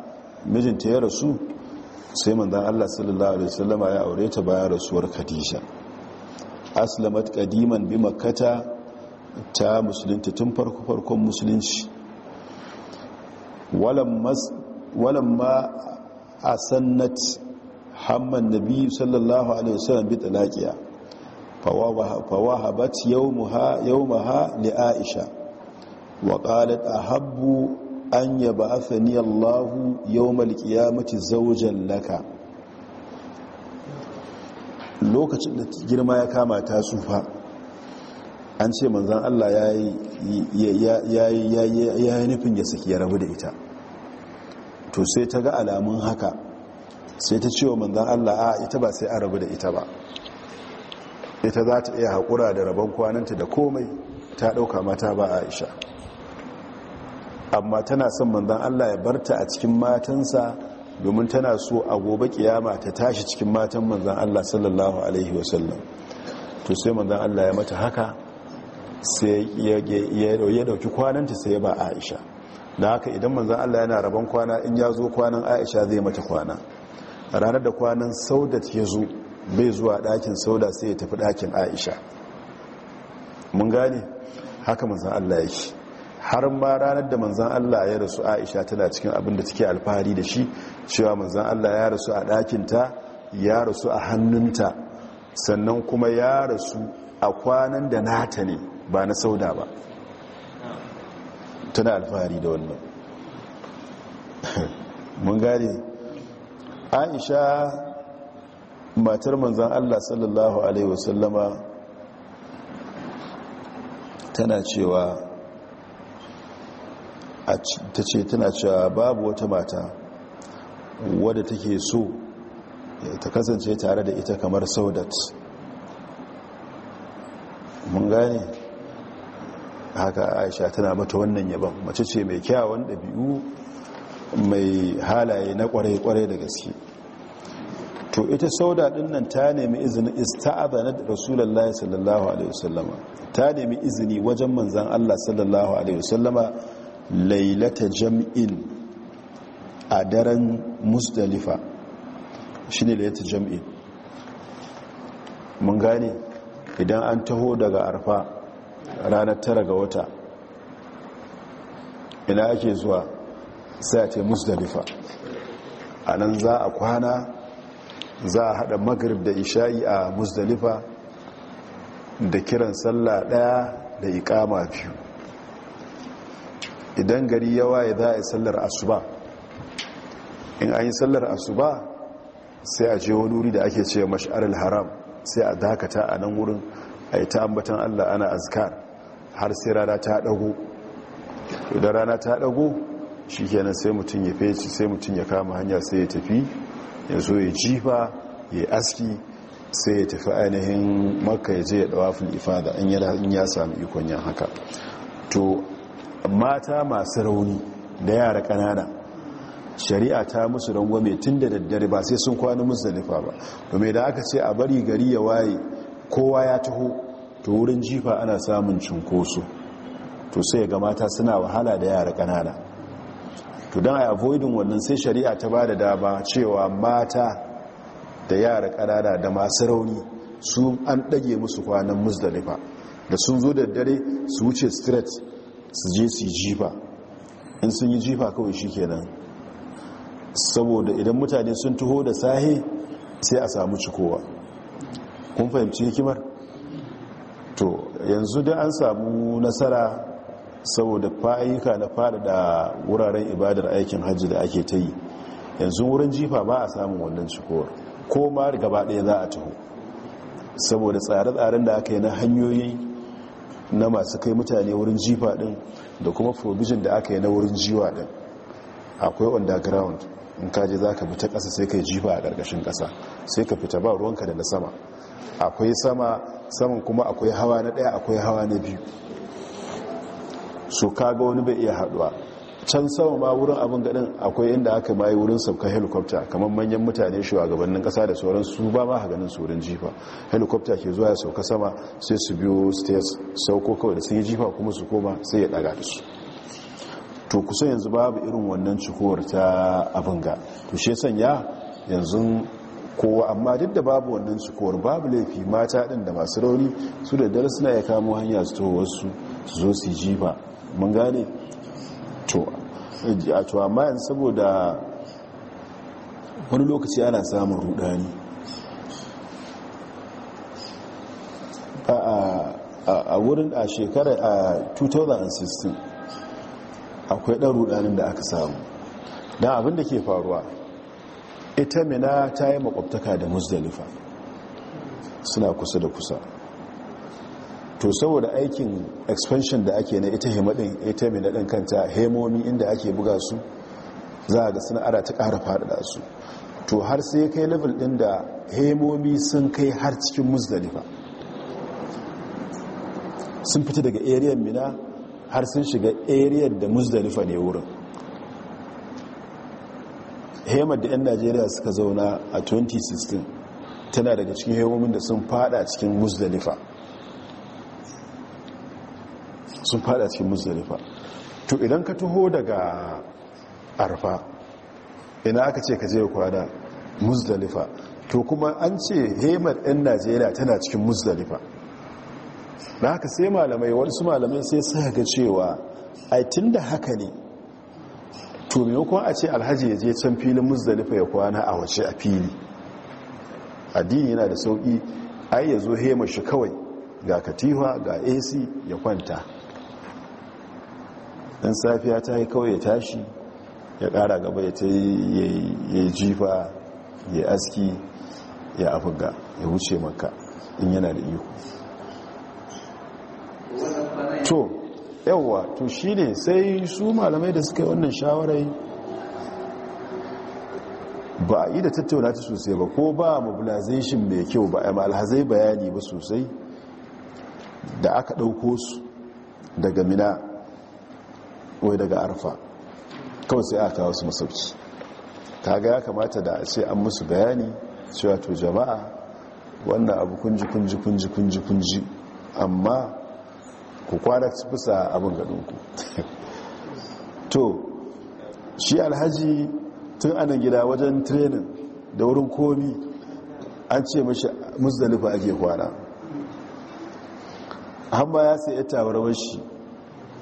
mijinta ya rasu sai manzan allah sallallahu alaihi wasallama ya aure ta bayan rasuwar khadija aslamat kadiman bi makata ta musulunta tun farko farkon musulunci walamma a sannat hamman nabi sallallahu alaihi wasallam bi talaqiya fawahabat yawmaha li aisha wa qalat ahabbu an yaba afani allahu yau mace zaujen laka lokacin da girma ya kama ta tsufa an ce manzan allah ya yi nufin ya saki ya rabu da ita to sai ta ga alamun haka sai ta ce wa manzan allah a ita ba sai a rabu da ita ba ita za ta iya haƙura da rabon kwananta da komai ta ɗauka mata ba aisha amma tana son manzan Allah ya barta a cikin matansa domin tana so a gobe kiyama ta tashi cikin matan manzan Allah sallallahu alaihi wasallam to sai manzan Allah ya mata haka sai ya dauki kwananta sai ya ba Aisha da haka idan manzan Allah yana rabon kwana in ya zo kwanan Aisha zai mata kwana ranar da kwanan saudat ya zo bai zuwa ɗakin sauda sai ya tafi ɗakin Aisha mun gane haka manzan Allah ya shi har ma ranar da manzan Allah ya rasu Aisha tana cikin abin da take alfahari da shi cewa manzan Allah ya rasu a ɗakinta ya rasu a hannunta sannan kuma ya rasu a kwanan da nata ne ba na sauda ba tana alfahari da wannan mun gane aisha matar manzan allah sallallahu alaihi wasallama tana cewa ta ce tana cewa babu wata mata wadda take so ta kasance tare da ita kamar saudat mun gane haka aisha tana mata wannan yaban mace ce mai kyawun ɗabi'u mai halaye na kwarai-kwarai da gaske to ita sauda nan ta nemi izini ista'adana da rasulallah sallallahu alaihi wasallama ta nemi izini wajen manzan allah sallallahu alaihi wasallama lailata jam'in a daren musdalifa shi ne lailata jam'in mun gane idan an taho daga arfa ranar tara ga wata ina ake zuwa sai a ce musdalifa a nan za a kwana za a haɗa magrib da isha'i a musdalifa da kiran sallah ɗaya da iƙama biyu idan gari ya waye za a yi sallar asuba in an yi sallar asuba sai a je wani wuri da ake ce mash'aril haram sai a dakata a nan wurin a yi ta ambatan allah ana azkar har sai rana ta dago idan rana ta dago shi kenan sai mutum ya feci sai mutum ya kama hanya sai ya tafi ya zo ya jifa ya aski sai ya tafi ainihin maka ya je ya dawafin ifada in ya sami ikon yan haka to mata masu rauni da yara ƙanana shari'a ta musu rangwame tun da daddare ba sai sun kwana musu da nufa ba domin da aka ce a bari gari ya waye kowa ya taho to wurin jifa ana samun cunkoso to sai ga mata suna wahala da yara ƙanana to don a avoidin wannan sai shari'a ta ba da dama cewa mata da yara ƙanana da masu rauni sun an ɗage musu kwanan musdalifa da sun zo daddare su wuce straight su je su yi jifa in sun yi jifa kawai shi kenan saboda idan mutane sun tuho da sahi sai a samu cikowa kun fahimci hikimar to yanzu da an samu nasara saboda fa'ayyuka na fada da wuraren ibadar aikin hajji da ake ta yi yanzu wurin jifa ba a samun wannan cikowar ko ma gaba ɗaya za a taho saboda tsare-tsaren da aka yi na hanyoyi na masu kai mutane wurin jifa din da kuma provision da aka yi na wurin jiwa din akwai underground in kaji za ka fita ƙasa sai ka yi jifa a ƙarƙashin ƙasa sai ka fita ba ruwanka da na sama akwai sama saman kuma akwai hawa na ɗaya akwai hawa na biyu so kaga wani bai iya haɗuwa can sama ma wurin abin gadin akwai inda aka bayi wurin sauka helikopta kamar manyan mutane shugabannin kasa da sauran su ba ma ganin tsoron jifa Helikopta ke zuwa ya sauka sama sai su biyo stairs sauko kawai da sun yi jifa kuma su koma sai ya daga da su to kusa yanzu babu irin wannan cikowar ta abin ga to shi sanya yanzu kowa amma duk da babu wannan cikowar babu laifi mata din da masu rauni su da dare suna ya kamo hanya su to wasu su zo su jifa mun gane to a to amma yanzu saboda wani lokaci ana samun rudani a wurin a shekarar a 2016 akwai ɗan rudanin da aka samu don abin da ke faruwa ita mina ta yi makwabtaka da musdalifa suna kusa da kusa to saboda aikin expansion da ake na ita hemadin ita mai naɗin kanta hemomi inda ake buga su za a ga sana'ara ara ta ƙara faɗaɗa su to har sai kai level ɗin da hemomi sun kai har cikin musdalifa sun fita daga ariyar mina har sun shiga ariyar da musdalifa ne wurin hemar da 'yan najeriya suka zauna a 2016 tana daga cikin hemomin da sun fada cikin musdalifa sun fada cikin muzdalifa to idan ka taho daga arfa ina aka ce ka je kwana muzdalifa to kuma an ce hemar 'yan najeriya tana cikin muzdalifa da haka sai malamai wasu malamai sai suka ga cewa Aitin da haka ne to hukun a ce alhaji ya je can filin muzdalifa ya kwana a wace a fili addini yana da sauƙi ai ya zo hemar shi kawai ga katifa ga ac ya kwanta dan safiya ta yi kawai ya tashi ya kara gaba ya ta yi jifa ya aski ya afuga ya wuce maka in yana da ihu. to yawwa to shi ne sai su malamai da suka yi wannan shawarai ba a yi da tattauna ta sosai ba ko ba mobilization mai kyau ba a malhazai bayani ba sosai da aka ɗauko su daga mina wai daga arfa kawai sai aka wasu masauki kaga ya kamata da a ce an musu bayani cewa to jama'a wannan abu kunji kunji kunji kunji kunji amma ku kwana fisa abin gadinku to shi alhaji tun ana gida wajen trenin da wurin komi an ce mashi musdalifa ake kwana hamma ya sai ya tawarawar shi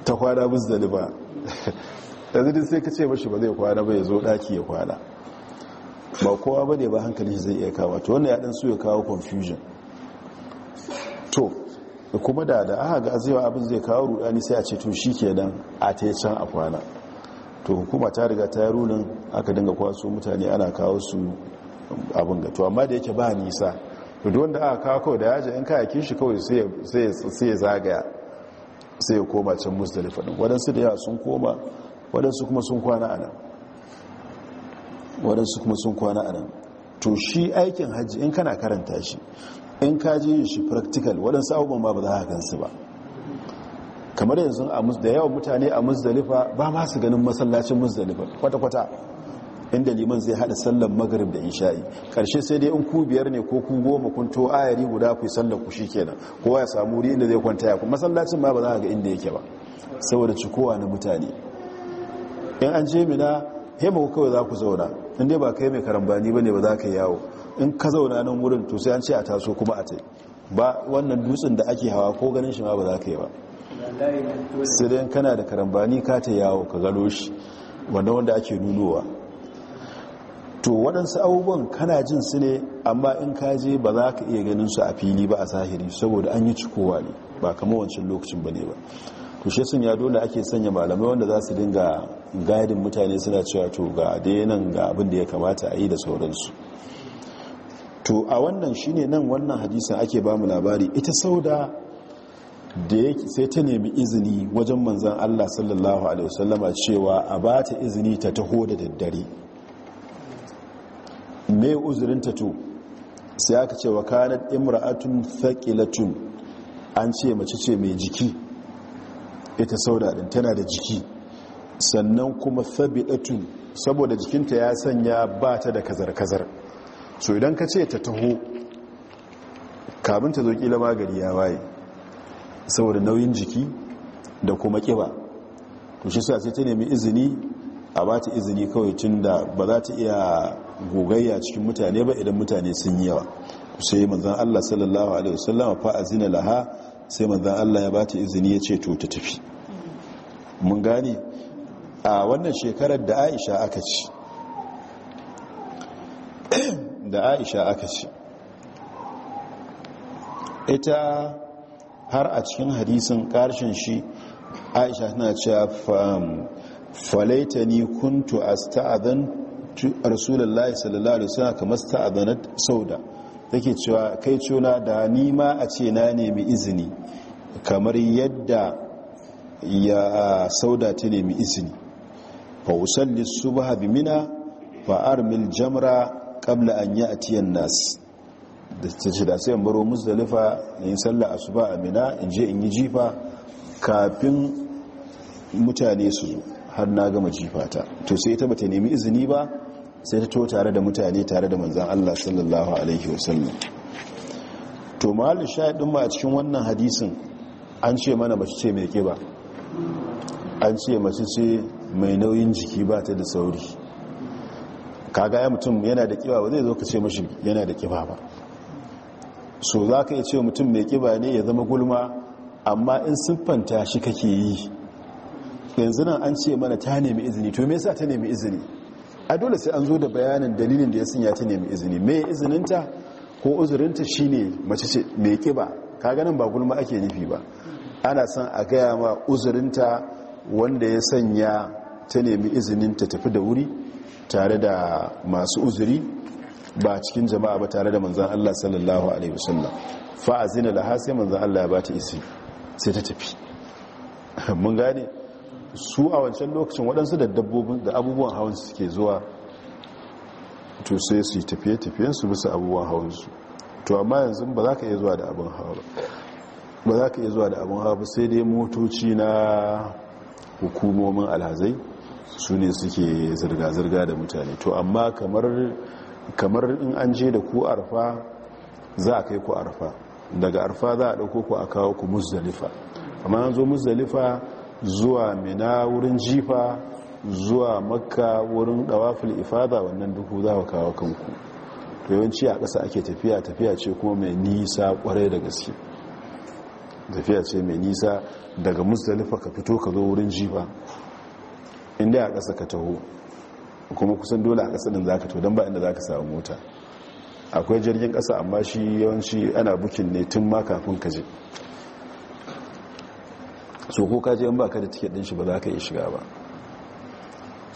ta kwana musdalifa yanzu sai ka ce mashi ba zai kwana ba ya zo daki ya kwana ba kowa ba ne ba hankali zai iya kawo to wannan ya dan so ya kawo confusion to kuma da da aka ga azewa abin zai kawo rudani sai a ce to shikenan a ta can a kwana to hukuma ta riga ta runin aka dinga kwaso mutane ana kawo su abin ga to amma da yake ba nisa to da wanda aka kawo kawai da yaji in kayakin shi kawai sai ya zagaya sai ya koma can musdalifa din waɗansu da yawa sun koma waɗansu kuma sun kwana a nan waɗansu kuma sun kwana a nan to shi aikin hajji in kana karanta shi in ka ji shi practical waɗansu abubuwan ba ba za a gansu ba kamar yanzu da yawan mutane a musdalifa ba ma su ganin masallacin musdalifa kwata-kwata inda liman zai hada sallan magarib da isha'i karshe sai dai in ku biyar ne ko ku goma kun to ayari guda ku sallan ku shikenan kowa ya samu wuri inda zai kwanta ya ku masallacin ma ba za ga inda yake ba saboda cikowa na mutane in an je mina hema ku kawai za ku zauna in dai ba kai mai karambani ba ne ba za ka yawo in ka zauna nan wurin to sai an ce a taso kuma a tai ba wannan dutsen da ake hawa ko ganin shi ma ba za ka yi ba sai dai kana da karambani ka ta yawo ka gano shi wanda wanda ake nunowa to waɗansu abubuwan kana jin su ne amma in ka je ba za ka iya ganin su a fili ba a zahiri saboda an yi cikowa ne ba kama wancan lokacin ba ne ba to shi sun ya dole ake sanya malamai wanda za su dinga gadin mutane suna cewa to ga denan ga abin da ya kamata a yi da sauransu to a wannan shi ne nan wannan hadisin ake ba mu labari ita sau da sai ta nemi izini wajen manzan Allah sallallahu alaihi wasallama cewa a ba ta izini ta taho da daddare mai uzurin ta to sai aka ce wa kanat imra'atun faqilatun an ce mace ce mai jiki ita sauda din tana da jiki sannan kuma fabidatun saboda jikinta ya sanya ba ta da kazar-kazar so idan ka ce ta taho kamin ta zo kila magari ya waye saboda nauyin jiki da kuma ƙiba. to shi sai ta nemi izini a ba ta izini kawai tun da ba za ta iya gogayya cikin mutane ba idan mutane sun yi yawa sai manzan Allah sallallahu alaihi wasallama fa zina laha sai manzan Allah ya bata izini ya ce to ta tafi mun gane a wannan shekarar da Aisha aka ci da Aisha aka ci ita har a cikin hadisun karshen shi Aisha na cewa falaita ni kuntu sta'adun rasulullahi sallallahu alaihi wasallam kamar sta'adanat sauda take cewa kai cuna da ni ma a ce na nemi izini kamar yadda ya sauda ta nemi izini fa usalli subha bi mina fa armil jamra qabla an ya'ti an-nas da ce da sai baro muzdalifa in sallah asuba a mina in je in yi jifa kafin mutane su zo har na gama jifata to sai ta bata nemi izini ba sai ta to tare da mutane tare da manzan Allah sallallahu alaihi wasallam to mahallin sha ma a cikin wannan hadisin an ce mana mace ce mai kiba an ce mace ce mai nauyin jiki ba ta da sauri kaga ya mutum yana da kiba ba zai zo ka ce mashi yana da kiba ba so za ka yi ce mutum mai kiba ne ya zama gulma amma in siffanta shi kake yi yanzu nan an ce mana ta nemi izini to me yasa ta nemi izini a dole sai an zo da bayanin dalilin da ya sanya ta nemi izini me izininta ko uzurinta shine mace ce mai kiba ka ganin ba gulma ake nufi ba ana son a gaya ma uzurinta wanda ya sanya ta nemi izinin ta tafi da wuri tare da masu uzuri ba cikin jama'a ba tare da manzan Allah sallallahu alaihi wasallam fa azina manzan Allah ya bata izini sai ta tafi mun gane su a wancan lokacin waɗansu da abubuwan hawan suke zuwa to sai su yi tafiye su bisa abubuwan hawansu to amma yanzu ba za ka iya zuwa da abin hawa ba za ka iya zuwa da abin hawa ba sai dai motoci na hukumomin alhazai su ne suke zirga-zirga da mutane to amma kamar in an je da ku arfa za a kai ku arfa daga arfa za a ɗauko ku a kawo ku muzalifa. amma an zo zuwa mina wurin jifa zuwa makka wurin dawafil ifada wannan duhu za ku kawo kanku to yawanci a ƙasa ake tafiya tafiya ce kuma mai nisa ƙwarai da gaske tafiya ce mai nisa daga musdalifa ka fito ka zo wurin jifa inda a ƙasa ka taho kuma kusan dole a ƙasa ɗin za ka to don ba inda za ka samu mota akwai jirgin ƙasa amma shi yawanci ana bukin ne tun ma kafin ka je so ko ka je in baka da tiket din shi ba za ka yi shiga ba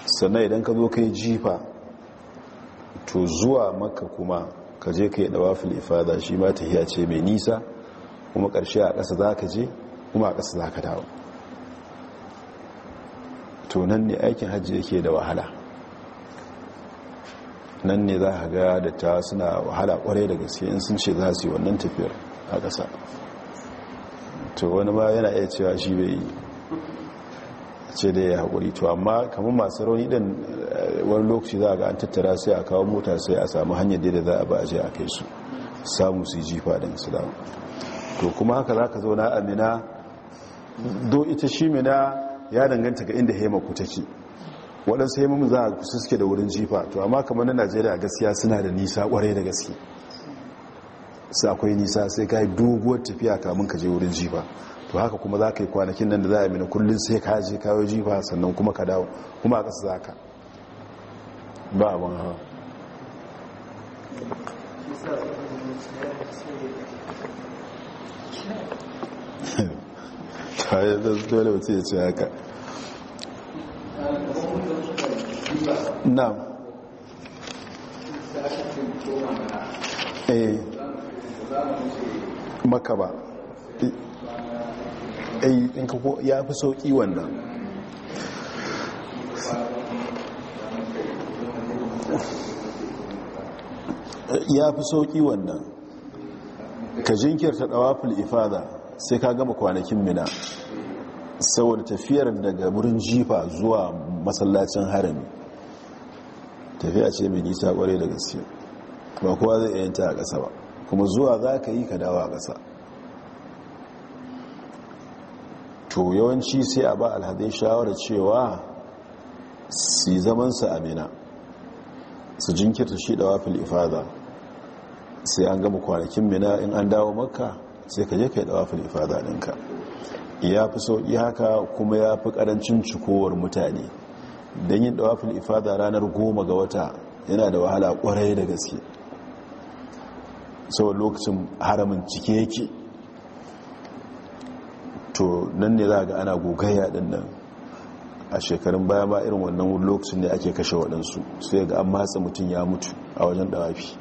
sannan idan ka zo ka yi jifa to zuwa maka kuma ka je ka yi dawafil ifada shi ma hiya ce mai nisa kuma karshe a kasa za ka je kuma a kasa za ka dawo to nan ne aikin hajji yake da wahala nan ne za ga da ta suna wahala kwarai da gaske in sun ce za su yi wannan tafiyar a ƙasa to wani ma yana iya cewa shi bai yi ce da ya haƙuri to amma kamar masu rauni ɗin eh, wani lokaci za a ga an tattara sai a kawo mota sai a samu hanyar da za a ba a je a kai su samu su jifa ɗin su to kuma haka za ka zauna a mina do ita shi mina ya danganta ga inda haima ku take waɗansu haimamu za a suke da wurin jifa to amma kamar na najeriya gaskiya suna da nisa kwarai da gaske sai akwai nisa sai ka yi doguwar tafiya kamun ka je wurin jifa to haka kuma za ka yi kwanakin nan da za a mina kullum sai ka je kawo jifa sannan kuma ka dawo kuma a ƙasa za ka ba ban hawa kayan da dole mutu ya ce haka na eh maka ba eh, ya fi sauƙi wannan ya fi wannan ka jinkirta ɗawafin ifada sai ka gama kwanakin mina saboda tafiyar daga wurin jifa zuwa masallacin harami tafiya ce mai nisa kwarai da gaske ba kowa zai yanta a ƙasa ba kuma zuwa za ka yi ka dawa ƙasa to yawanci sai a ba alhadai shawarar cewa si zamansa amina su jinkirta shi da wafil ifada sai an gama kwanakin mina in an dawo makka sai ka je ka yi da wafil ifada ɗinka ya fi sauƙi haka kuma ya fi ƙarancin cikowar mutane don yin da wafil ifada ranar goma ga wata yana da wahala ƙwarai da gaske sau lokacin haramin cike yake to nan ne za ga ana gogaya din nan a shekarun baya ma irin wannan lokacin ne ake kashe waɗansu sai ga an matsa mutum ya mutu a wajen ɗawafi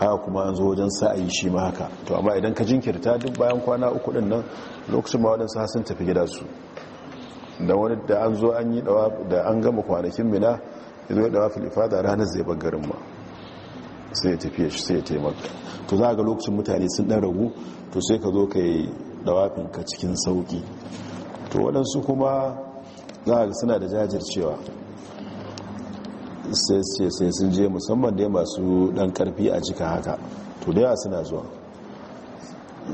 haka kuma an zo wajen sa'ayi shi ma haka to amma idan ka jinkirta duk bayan kwana uku ɗin nan lokacin ma waɗansu sun tafi gida su da wani da an zo an yi da an gama kwanakin mina ya zo ya ɗawafi lifada ranar zai garin ma sai ya tafiya shi sai ya taimaka to za ga lokacin mutane sun dan ragu to sai ka zo ka yi dawafinka cikin sauki to waɗansu kuma za ga suna da jajircewa sai sai sun je musamman dai masu ɗan ƙarfi a cika haka to da yawa suna zuwa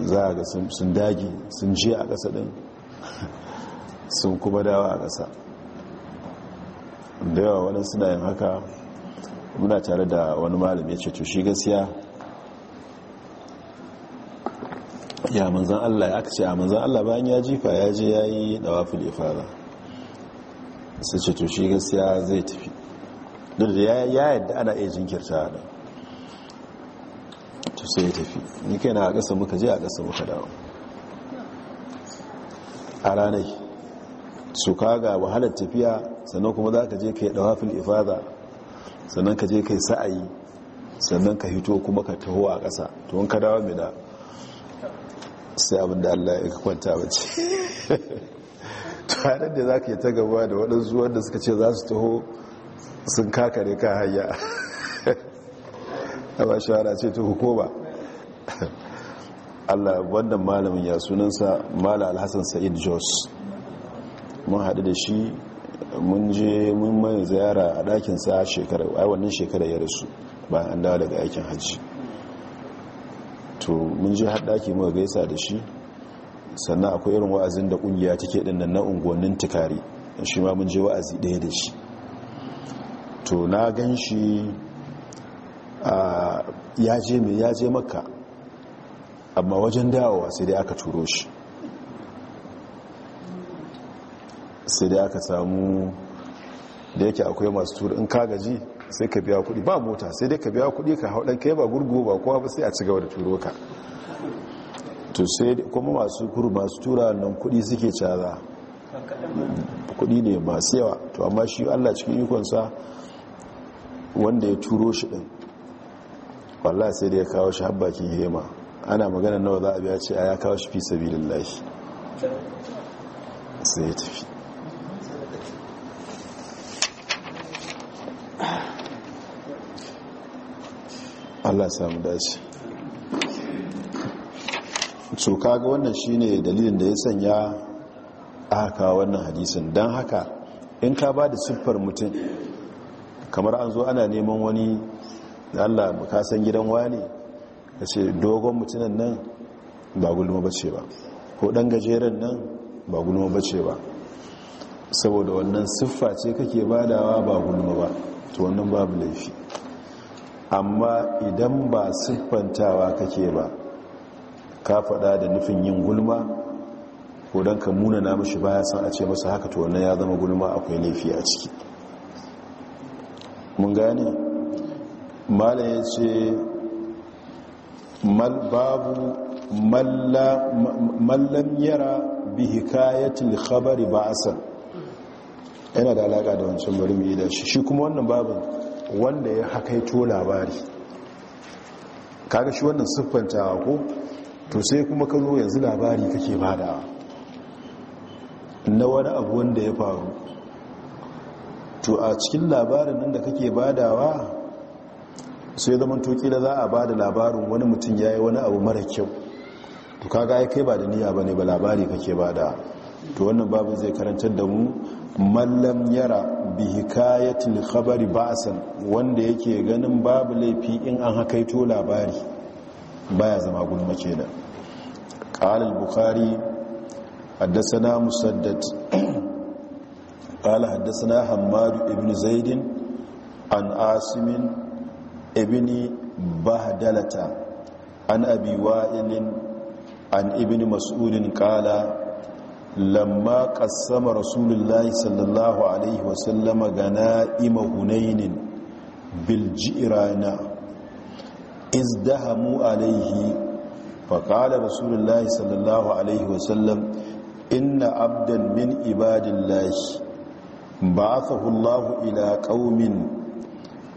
za ga sun dagi sun je a ƙasa ɗin sun kuma dawa a ƙasa da yawa waɗansu na yin haka muna tare da wani malam ya ce to shi gaskiya ya manzan Allah ya aka ce a manzan Allah bayan ya jifa ya je ya yi da ifada su ce to shi gaskiya zai tafi duk da ya yadda ana iya jinkirta da to sai ya tafi ni kai na a ƙasa muka je a ƙasa muka dawo a ranai su kaga wahalar tafiya sannan kuma za ka je ka yi dawafin ifada sannan ka je kai sa'ayi sannan ka hito kuma ka taho a ƙasa to in ka dawo mai da sai abin Allah ya kwanta bace tare da za ka yi ta gaba da waɗansu wanda suka ce za su taho sun kakare ka hanya a ba shawara ce ta hukuma Allah wannan malamin ya sunansa mala alhassan sa'id jos mun haɗu da shi mun je mun mai ziyara a ɗakinsa shekarar ai wannan shekarar ya rasu bayan an dawo daga aikin hajji to mun je har ɗaki muka gaisa da shi sannan akwai irin wa'azin da ƙungiya take ɗin nan na unguwannin tukari shi ma mun je wa'azi ɗaya da shi to na gan shi ya je mai ya je makka amma wajen dawowa sai dai aka turo shi sai dai aka samu da yake akwai masu turi in ka gaji sai ka biya kudi ba mota sai dai ka biya kudi ka hau kai ba gurgu ba kowa ba sai a cigaba da turo ka to sai kuma masu kuru masu tura nan kudi suke caza kudi ne masu yawa to amma shi allah cikin ikonsa wanda ya turo shi ɗin wallah sai dai ya kawo shi habbakin hema ana magana nawa za a biya ce a ya kawo shi fi sabi lillahi sai ya tafi Allah samu dace so kaga wannan shine dalilin da ya sanya aka wannan hadisin don haka in ka bada siffar mutum kamar an zo ana neman wani da Allah ka san gidan wani ya ce dogon mutunan nan ba gulma bace ba ko dan gajeren nan ba gulma bace ba saboda wannan siffa ce kake badawa ba gulma ba to wannan babu laifi amma idan ba siffantawa kake ba ka faɗa da nufin yin gulma ko don ka muna na mashi baya san a ce masa haka to wannan ya zama gulma akwai laifi a ciki mun gane mala ya ce babu mallan yara bi hikayatun khabari ba yana da alaƙa da wancan bari mu yi da shi shi kuma wannan babin wanda ya hakaito labari kaga shi wannan siffanta ko to sai kuma ka zo yanzu labari kake bada na wani abu wanda ya faru to a cikin labarin nan da kake badawa sai zama da za a bada labarin wani mutum ya yi wani abu mara kyau to kaga ya kai ba da niyya ba ne ba labari kake bada to wannan babu zai karantar da mu mallam yara bi hikayatil khabari ba'san wanda yake ganin babu laifi in an hakaito labari baya zama gulmace da qala al-bukhari haddathana musaddad qala haddathana hammad ibn zaid an asim ibn bahdalata an abi wa'il an ibn Mas'udin qala lamma qassama rasulullahi sallallahu alaihi wasallama ima hunainin bil jirana izdahamu alaihi faqala rasulullahi sallallahu alaihi wasallam inna abdan min ibadillahi Ba بعثه الله إلى قوم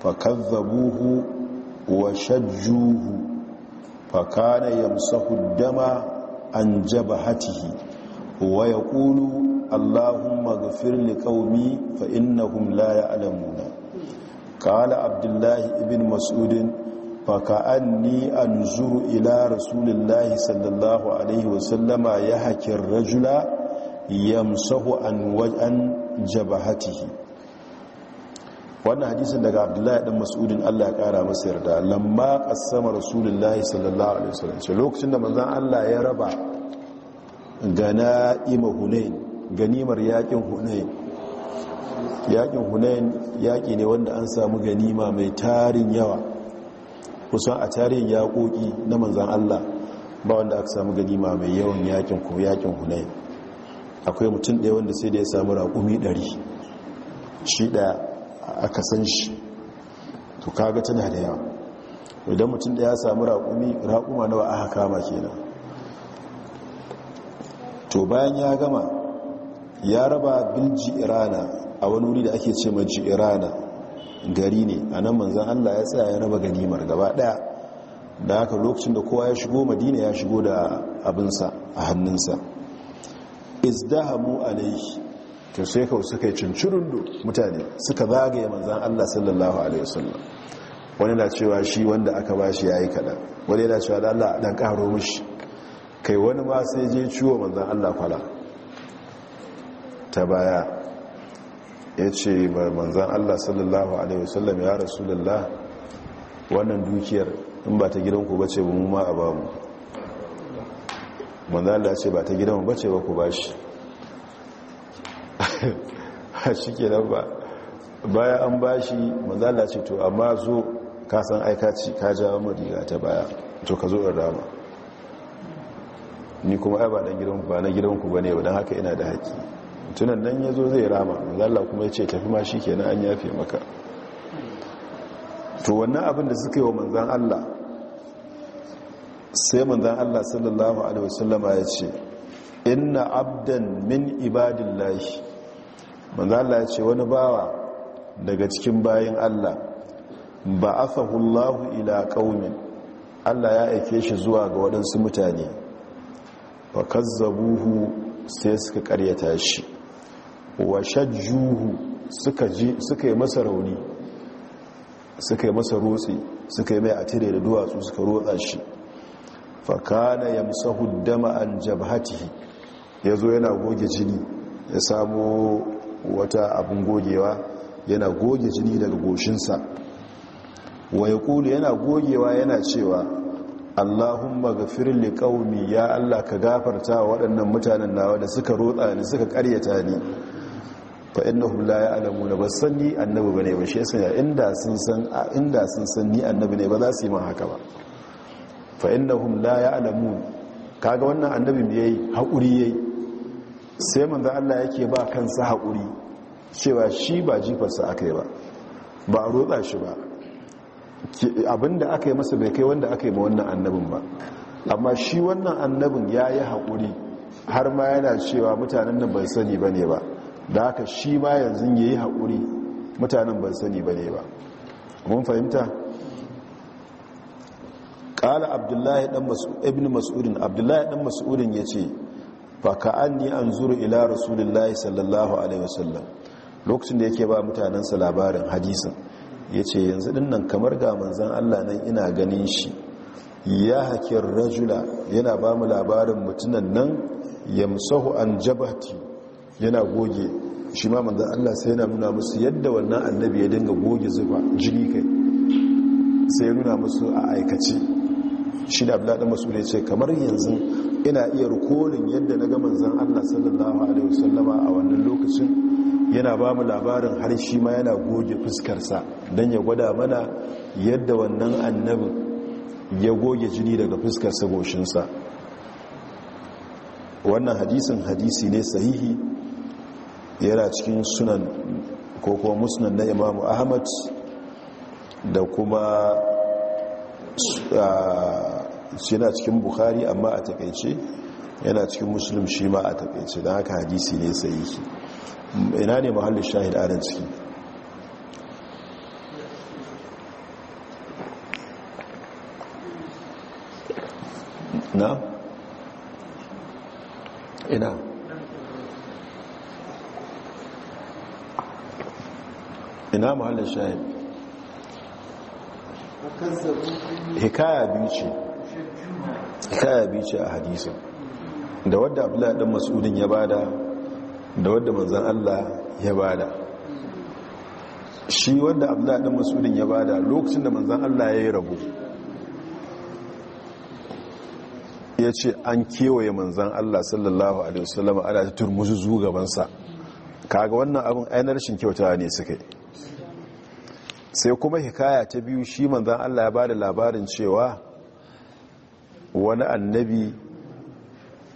فكذبوه وشجوه فكان يمسح an jaba جبهته wa ya ƙulu allahumma gafir li ƙaumi fa innahum la ya'lamuna qala abdullahi ibn mas'udin fa ka'anni anzuru ila rasulillahi sallallahu alaihi wa sallama yahkir rajula yamsahu an waj'an jabahatihi wannan hadisin daga abdullahi dan mas'udin Allah ya kara masa yarda lamma qassama rasulullahi sallallahu alaihi sallam. lokacin da manzon Allah ya raba gana ima ganimar yakin hunai yakin yaki ne wanda an samu ganima mai tarin yawa kusan a tarihin yaƙoƙi na manzan Allah ba wanda aka samu ganima mai yawan yakin ko yakin hunain akwai mutum ɗaya wanda sai da ya samu raƙumi ɗari shi ɗaya aka san shi to kaga tana da yawa idan mutum ɗaya ya samu raƙuma nawa aka kama kenan to bayan ya gama ya raba bil ji'irana a wani wuri da ake ce ma ji'irana gari ne a nan manzan allah ya tsaya ya raba ganimar gaba daya da haka lokacin da kowa ya shigo madina ya shigo da abinsa a hannunsa izdahamu alaihi ta sai kawai suka yi cincirin mutane suka zagaye manzan allah sallallahu alaihi wasallam wani na cewa shi wanda aka ba shi ya yi kaɗan wani na cewa da allah dan karo mashi kai wani ba sai je ciwo manzan allah kwala ta baya ya ce manzan allah sallallahu alaihi wasallam ya lalla wannan dukiyar in ba ta gidan ba ce mu ma a ba mu manzan allah ce ba ta gidan mu bace ba ku ba shi a shi nan ba baya an ba shi manzan allah ce to amma zo kasan aikaci ka jawo mu riga ta baya to ka zo in rama ni kuma ai ba dan gidan ba na gidan ku bane dan haka ina da haƙi tunan nan yazo zai rama Allah kuma ya tafi ma shikenan an yafe maka to wannan abin da suka yi wa manzan Allah sai manzan Allah sallallahu alaihi wasallama ya ce inna abdan min ibadillahi manzan Allah ya ce wani bawa daga cikin bayin Allah ba afahullahu ila qaumin Allah ya aike shi zuwa ga waɗansu mutane fakazzabuhu sai suka karyata shi wa shajjuhu suka yi masa rauni suka yi masa rotsi suka yi mai atire da duwatsu suka rotsa shi fakana ya dama an jabhatihi ya yana goge jini ya samo wata abin gogewa yana goge jini daga goshinsa wa ya yana gogewa yana cewa allahumma gafir li ya allah ka gafarta waɗannan mutanen nawa da suka rotsa ni suka karyata ni fa innahum la ya'lamuna bas sanni annabi bane ba shi yasa inda sun san inda sun san ni annabi ne ba za su yi min haka ba fa innahum la ya'lamun kaga wannan annabi me yayi hakuri yayi sai manzo Allah yake ba kansa hakuri cewa shi ba jifarsa akai ba ba a rotsa shi ba abinda aka yi masa bai kai wanda aka yi ma wannan annabin ba amma shi wannan annabin ya yi haƙuri har ma yana cewa mutanen nan ban sani ba ne ba da haka shi ma yanzu ya yi haƙuri mutanen ban sani ba ne ba mun fahimta ƙala abdullahi ibn mas'udin abdullahi ɗan mas'udin ya ce faka an ni an zuru ila rasulullahi sallallahu alaihi wasallam lokacin da yake ba mutanensa labarin hadisin ya ce yanzu dinnan kamar ga manzan allah nan ina ganin shi ya haƙin rajula yana ba mu labarin mutunan nan yamsahu an jabati yana goge shi ma manzan allah sai yana nuna musu yadda wannan annabi ya dinga goge zuba jini kai sai nuna musu a aikace shi da abladin masu ce kamar yanzu ina iya rikolin yadda na ga manzan allah sallallahu alaihi wasallama a wannan lokacin yana ba mu labarin har shi ma yana goge fuskarsa don ya gwada mana yadda wannan annabin ya goge jini daga fuskarsa goshinsa wannan hadisin hadisi ne sahihi yana cikin sunan ko kuma na imamu ahmad da kuma ah, yana cikin bukhari amma a takaice yana cikin musulun shi ma a takaice don haka hadisi ne sahihi ina ne mahallin shahid adan ciki na ina ina mahallin shahid hikaya biyu ce hikaya biyu ce a hadisun da wadda abdullahi dan mas'udin ya bada da wadda manzan Allah ya bada shi wadda abdullahi dan masudin ya bada lokacin da manzan Allah ya yi rabu ya ce an kewaye manzan Allah sallallahu alaihi wasallam ana ta turmuzu gabansa kaga wannan abin ainihin rashin kyauta ne suka yi sai kuma hikaya ta biyu shi manzan Allah ya ba da labarin cewa wani annabi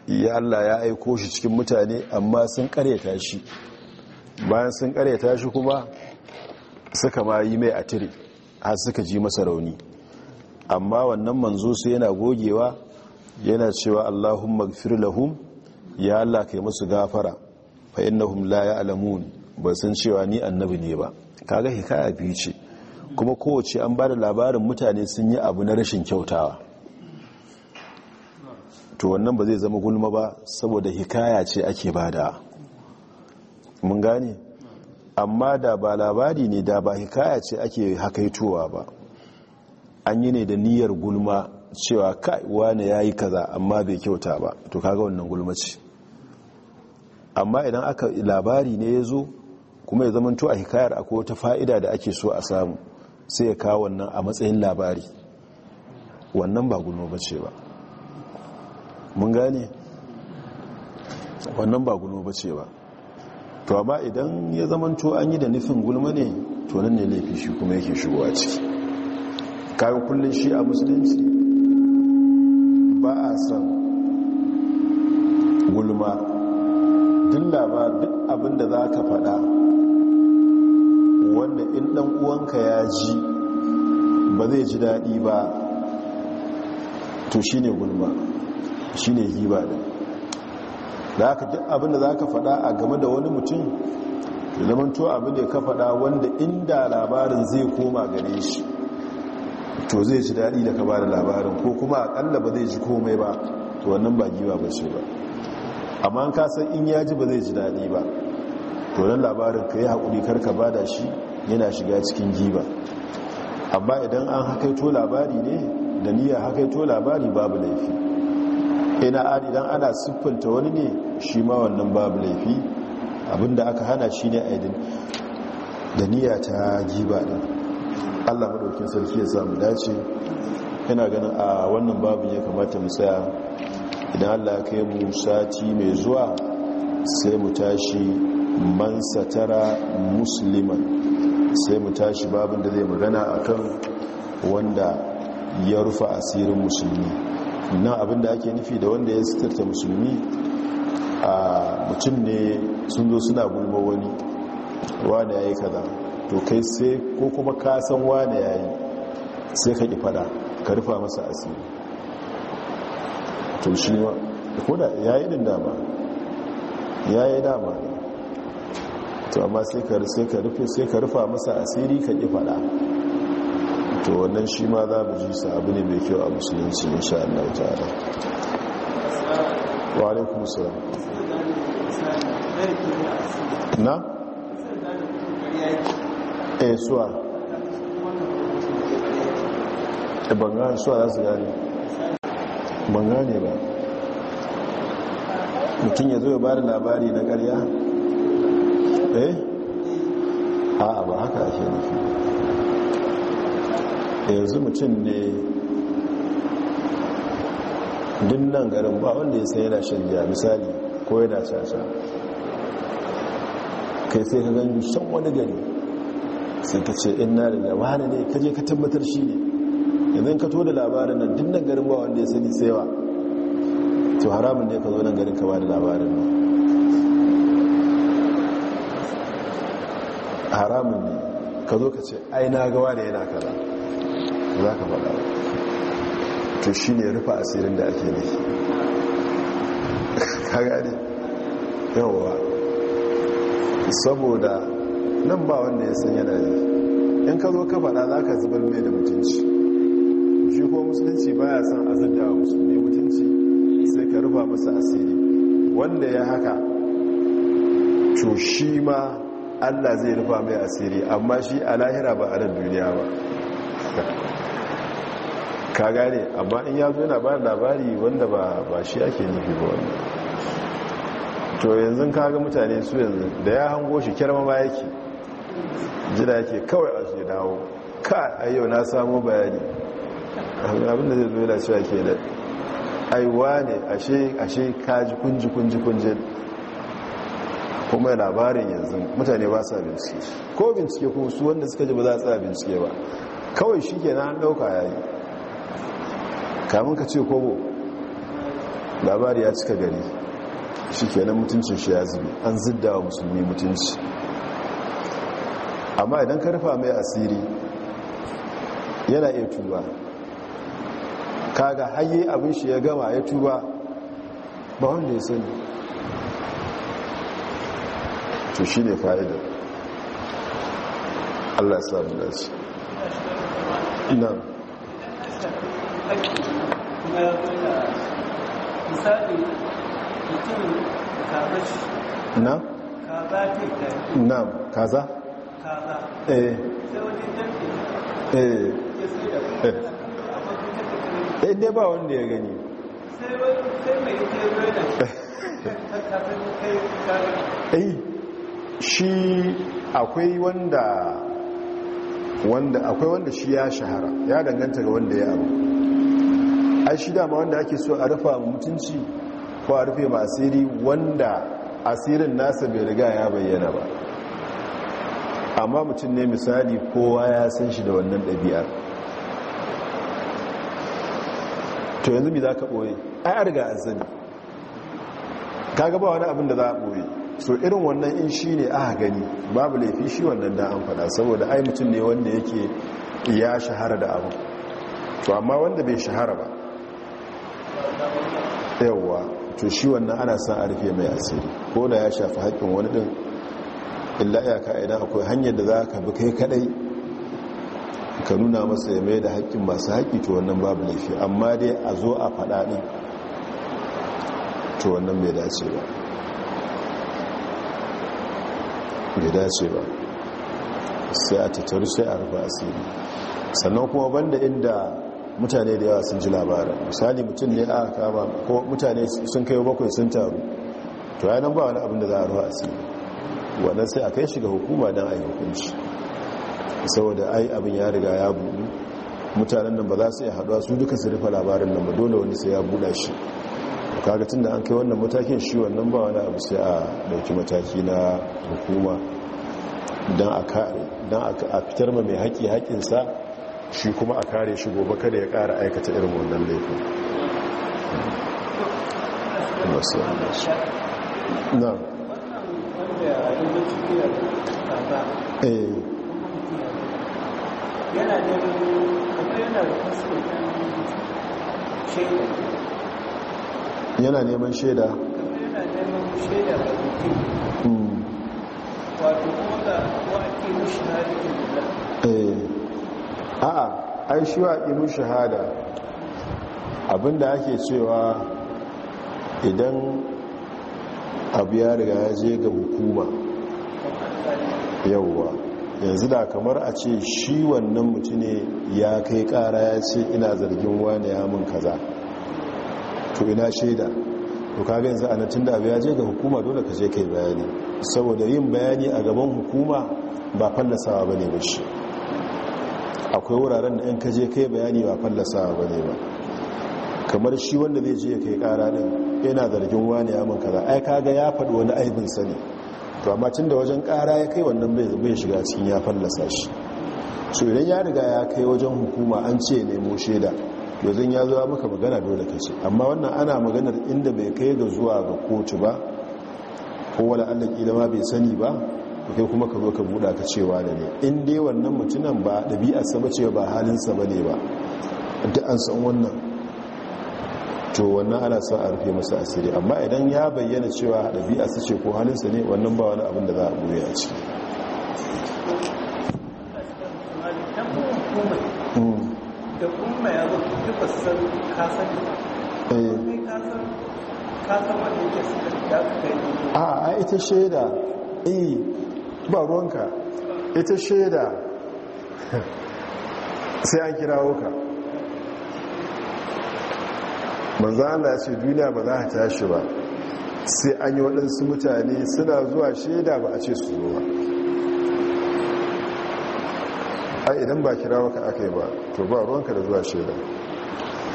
ya Allah ya aiko shi cikin mutane amma sun karyata shi bayan sun ta shi kuma suka ma yi mai atiri har suka ji masa rauni amma wannan manzo sai yana gogewa yana cewa Allahumma gfir lahum ya Allah kai musu gafara fa innahum la ya'lamun ba san cewa ni annabi ne ba kaga hikaya biyu ce kuma kowace an ba da labarin mutane sun yi abu na rashin kyautawa to wannan ba zai zama gulma ba saboda hikaya ce ake bada mun gane amma da ba labari ne da ba hikaya ce ake hakaitowa ba an yi ne da niyyar gulma cewa kai wane ya yi kaza amma bai kyauta ba to kaga wannan gulma ce amma idan aka labari ne ya zo kuma ya zama to a hikayar akwai wata fa'ida da ake so a samu sai ya kawo wannan a matsayin labari wannan ba gulma ba ce ba mun gane wannan ba gulma ba ce ba to ba idan ya zamanto an yi da nufin gulma ne to nan ne laifi shi kuma yake shigowa ciki kayan kullum shi a musulunci ba a san gulma dilla ba duk abinda za ka faɗa wanda in dan uwanka ya ji ba zai ji daɗi ba to shi ne gulma shi ne hiba ne da aka duk abinda za ka faɗa a game da wani mutum da abin da ka faɗa wanda inda labarin zai koma gare shi to zai ci daɗi da ka ba da labarin ko kuma aƙalla ba zai ji komai ba to wannan ba giwa ba ce ba amma ka san in ya ji ba zai ji daɗi ba to nan labarin ka yi haƙuri karka ba da shi yana shiga cikin giba amma idan an hakaito labari ne da niyyar hakaito labari babu laifi ina an idan ana siffanta wani ne shi ma wannan babu laifi abinda aka hana shi ne idin da niyya ta jiba ɗin allah maɗaukin sarki ya samu dace yana ganin a wannan babu ya kamata mu tsaya idan allah ya kai mu sati mai zuwa sai mu tashi man satara musliman sai mu tashi babin da zai magana akan wanda ya rufa asirin musulmi na abinda ake nufi da wanda ya sitarta musulmi a mutum ne sun zo suna gulma wani wane ya yi kada to kai sai ko kuma kasan wane ya yi sai ka ifada ka rufa masa asiri to shi ma koda ya yi din dama ya yi dama to amma sai ka rufe sai ka rufa masa asiri ka ƙi fada to wannan shi ma za mu ji sabu ne mai kyau a musulunci insha Allah ta'ala wa alaikum salam na eh suwa eh bangaren suwa za su gane bangare ba mutum ya zo ya ba da labari na karya eh a'a ba haka ake nufi yanzu mutum ne dinnan garin ba wanda ya sai yana shan giya misali ko yana shasha kai sai ka gani shan wani gari sai ka ce ina da labarin ne ka je ka tabbatar shi ne idan ka to da labarin nan dinnan garin ba wanda ya sani wa to haramun ne ka zo nan garin ka ba da labarin nan haramun ne ka zo ka ce ai na gawa da yana kaza abu za ka faɗa to shi ne rufa asirin da ake ne gani yawa saboda nan ba wanda ya san yana yi in ka zo ka faɗa za ka zubar mai da mutunci shi ko musulunci ba ya san azadda wa musulmi mutunci sai ka rufa masa asiri wanda ya haka to shi ma allah zai rufa mai asiri amma shi a lahira ba a duniya ba haka ka gane amma in ya zo yana ba labari wanda ba shi ake nufi ba wani to yanzu kaga mutane su yanzu da ya hango shi kyarma ma yake jira yake kawai a shi dawo ka a na samu bayani abinda zai zo yana cewa ke da aiwa ne ashe kaji kunji kunji kunji kuma labarin yanzu mutane ba sa bincike ko bincike ko su wanda suka ji ba za a tsaya bincike ba kawai shi ke na ɗauka ya yi kamun ka ce kogo labari ya cika gari shi ke nan mutuncin shi ya zube an zidda wa musulmi mutunci amma idan ka rufa mai asiri yana iya tuba kaga hayi abin shi ya gama ya tuba ba wanda ya sani to shi ne fa'ida allah samu dace na na na kaza eh eh, eh ba wanda ya gani eh. shi akwai wanda wanda akwai wanda shi ya shahara ya danganta ga wanda ya abu ai shi dama wanda ake so a rufa mutunci ko a rufe ma asiri wanda asirin nasa bai riga ya bayyana ba amma mutum ne misali kowa ya san shi da wannan ɗabi'ar to yanzu bi za ka ɓoye ai a riga an sani ka gaba wani abin da za a ɓoye so irin wannan in shi ne aka gani babu laifi shi wannan da an fada saboda ai mutum ne wanda yake ya shahara da abu to amma wanda bai shahara ba yawwa to shi wannan ana san a rufe mai asiri ko da ya shafi haƙƙin wani ɗin illa iyaka idan akwai hanyar da za ka bi kai kaɗai ka nuna masa ya mai da haƙƙin masu haƙƙi to wannan babu laifi amma dai a zo a faɗa ɗin to wannan bai dace ba bai dace ba sai a tattaru sai a rufe asiri sannan kuma banda inda mutane da yawa sun ji labarin misali mutum ne aka kama ko mutane sun kai bakwai sun taru to yanan ba wani abin da za a rufe asiri wannan sai a kai shi ga hukuma don a yi hukunci saboda ai abin ya riga ya buɗu mutanen nan ba za su iya haɗuwa su duka su rufe labarin nan ba dole wani sai ya buɗa shi kaga tun da an kai wannan matakin shi wannan ba wani abu sai a dauki mataki na hukuma don a fitar ma mai haƙi haƙinsa shi kuma a kare shi gobe kada ya ƙara aikata irin wannan laifin eh. na yana da yana da yana neman shaida hmm. eh. a'a ai shi wa imu shahada abinda ake cewa idan abu ya riga ya je ga hukuma yauwa yanzu da kamar a ce shi wannan mutu ne ya kai ƙara ya ce ina zargin wani ya mun kaza to ina shaida to kaga yanzu a tun da abu ya je ga hukuma dole ka je kai bayani saboda yin bayani a gaban hukuma ba fallasawa ba ne ba shi akwai wuraren da 'yan ka je kai bayani ba fallasawa ba ne ba kamar shi wanda zai je kai kara ɗin yana zargin wani ya manka za ai kaga ya faɗi wani aibin sa ne to amma tun da wajen kara ya kai wannan bai bai shiga cikin ya fallasa shi so idan ya riga ya kai wajen hukuma an ce nemo shaida yanzu ya zuwa maka magana dole ka ce amma wannan ana maganar inda bai kai ga zuwa ga kotu ba ko wala allah kila ma bai sani ba da kai kuma ka zo ka buda ka cewa da ne in dai wannan mutunan ba ɗabi'arsa ba ce ba halinsa ba ne ba duk an san wannan to wannan ana sa a rufe masa asiri amma idan ya bayyana cewa ɗabi'arsa ce ko halinsa ne wannan ba wani abin da za a goya a ciki da mm. kuma ya zo ba eh. su a ita shaida eh ba ruwanka ita shaida sai an kirawo ka manzo Allah ce duniya ba za ta tashi ba sai an yi waɗansu mutane suna zuwa shaida ba a ce su zo ba ai idan ba kira wuka aka yi ba to ba ruwanka da zuwa shaida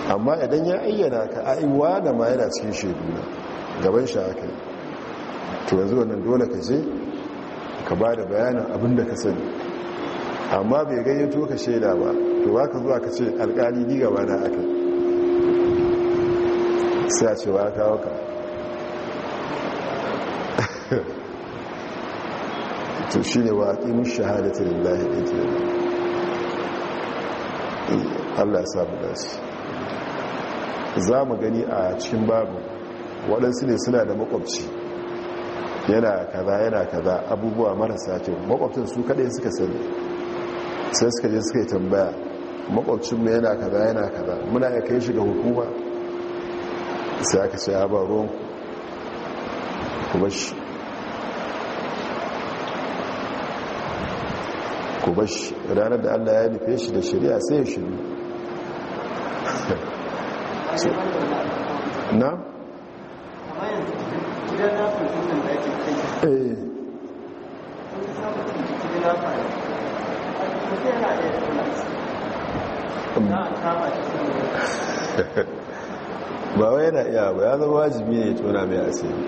amma idan ya ayyana ka a da ma yana cikin shaiduna gaban shi yi, to yanzu wannan dole ka je ka ba da bayanin abin da ka sani amma bai gayyato ka shaida ba to ba ka zuwa ka ce alkali ni gaba na aka sai a ba kawo ka to shi ne wa mun shahadatar lillahi ɗin ke eh, Allah ya da su za mu gani a cikin babu waɗansu ne suna da makwabci yana kaza yana kaza abubuwa marasa kyau makwabcin su kaɗai suka sani sai suka je suka yi tambaya makwabcinmu yana kaza yana kaza muna ya kai shi ga hukuma sai aka ce ya ba ruwan kubashi ranar da allah ya nufe shi da shari'a sai ya shiru na? Eh. ba wai na iya ba ya zama wajibi ne tona mai asiri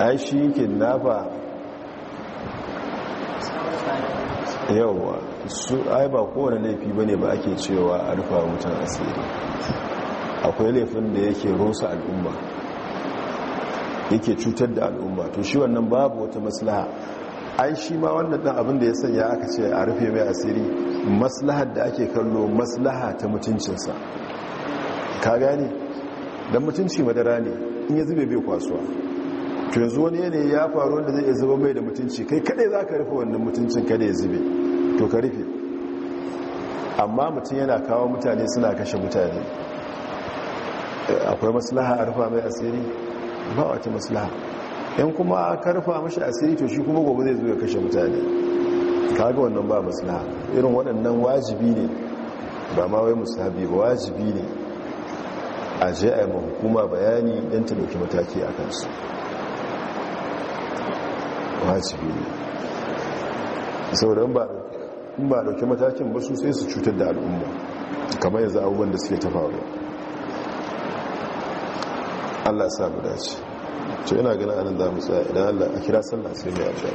ai shi kidnapper yauwa su ai ba kowane laifi bane ba ake cewa a rufa mutum asiri akwai laifin da yake rusa al'umma yake cutar da al'umma to shi wannan babu wata maslaha ai shi ma wannan dan abin da ya sanya aka ce a rufe mai asiri maslahar da ake kallo maslaha ta mutuncinsa ka gane dan mutunci madara ne in ya zube bai kwasuwa to yanzu wani ne ya faru wanda zai zuba mai da mutunci kai kadai za ka rufe wannan mutuncin kada ya zube to ka rufe amma mutum yana kawo mutane suna kashe mutane akwai maslaha a rufa mai asiri ba wata maslaha yan kuma ka rufa mashi asiri to shi kuma gobe zai zo ya kashe mutane kaga wannan ba maslaha irin waɗannan wajibi ne ba ma wai musabi ba wajibi ne a je a yi hukuma bayani don ta dauki mataki a kansu wajibi ne saboda in ba dauki matakin ba su sai su cutar da al'umma kamar yanzu abubuwan da suke ta faruwa Allah sa mu dace to ina ganin anan za mu tsaya idan Allah a kira sallah sai mu yi addu'a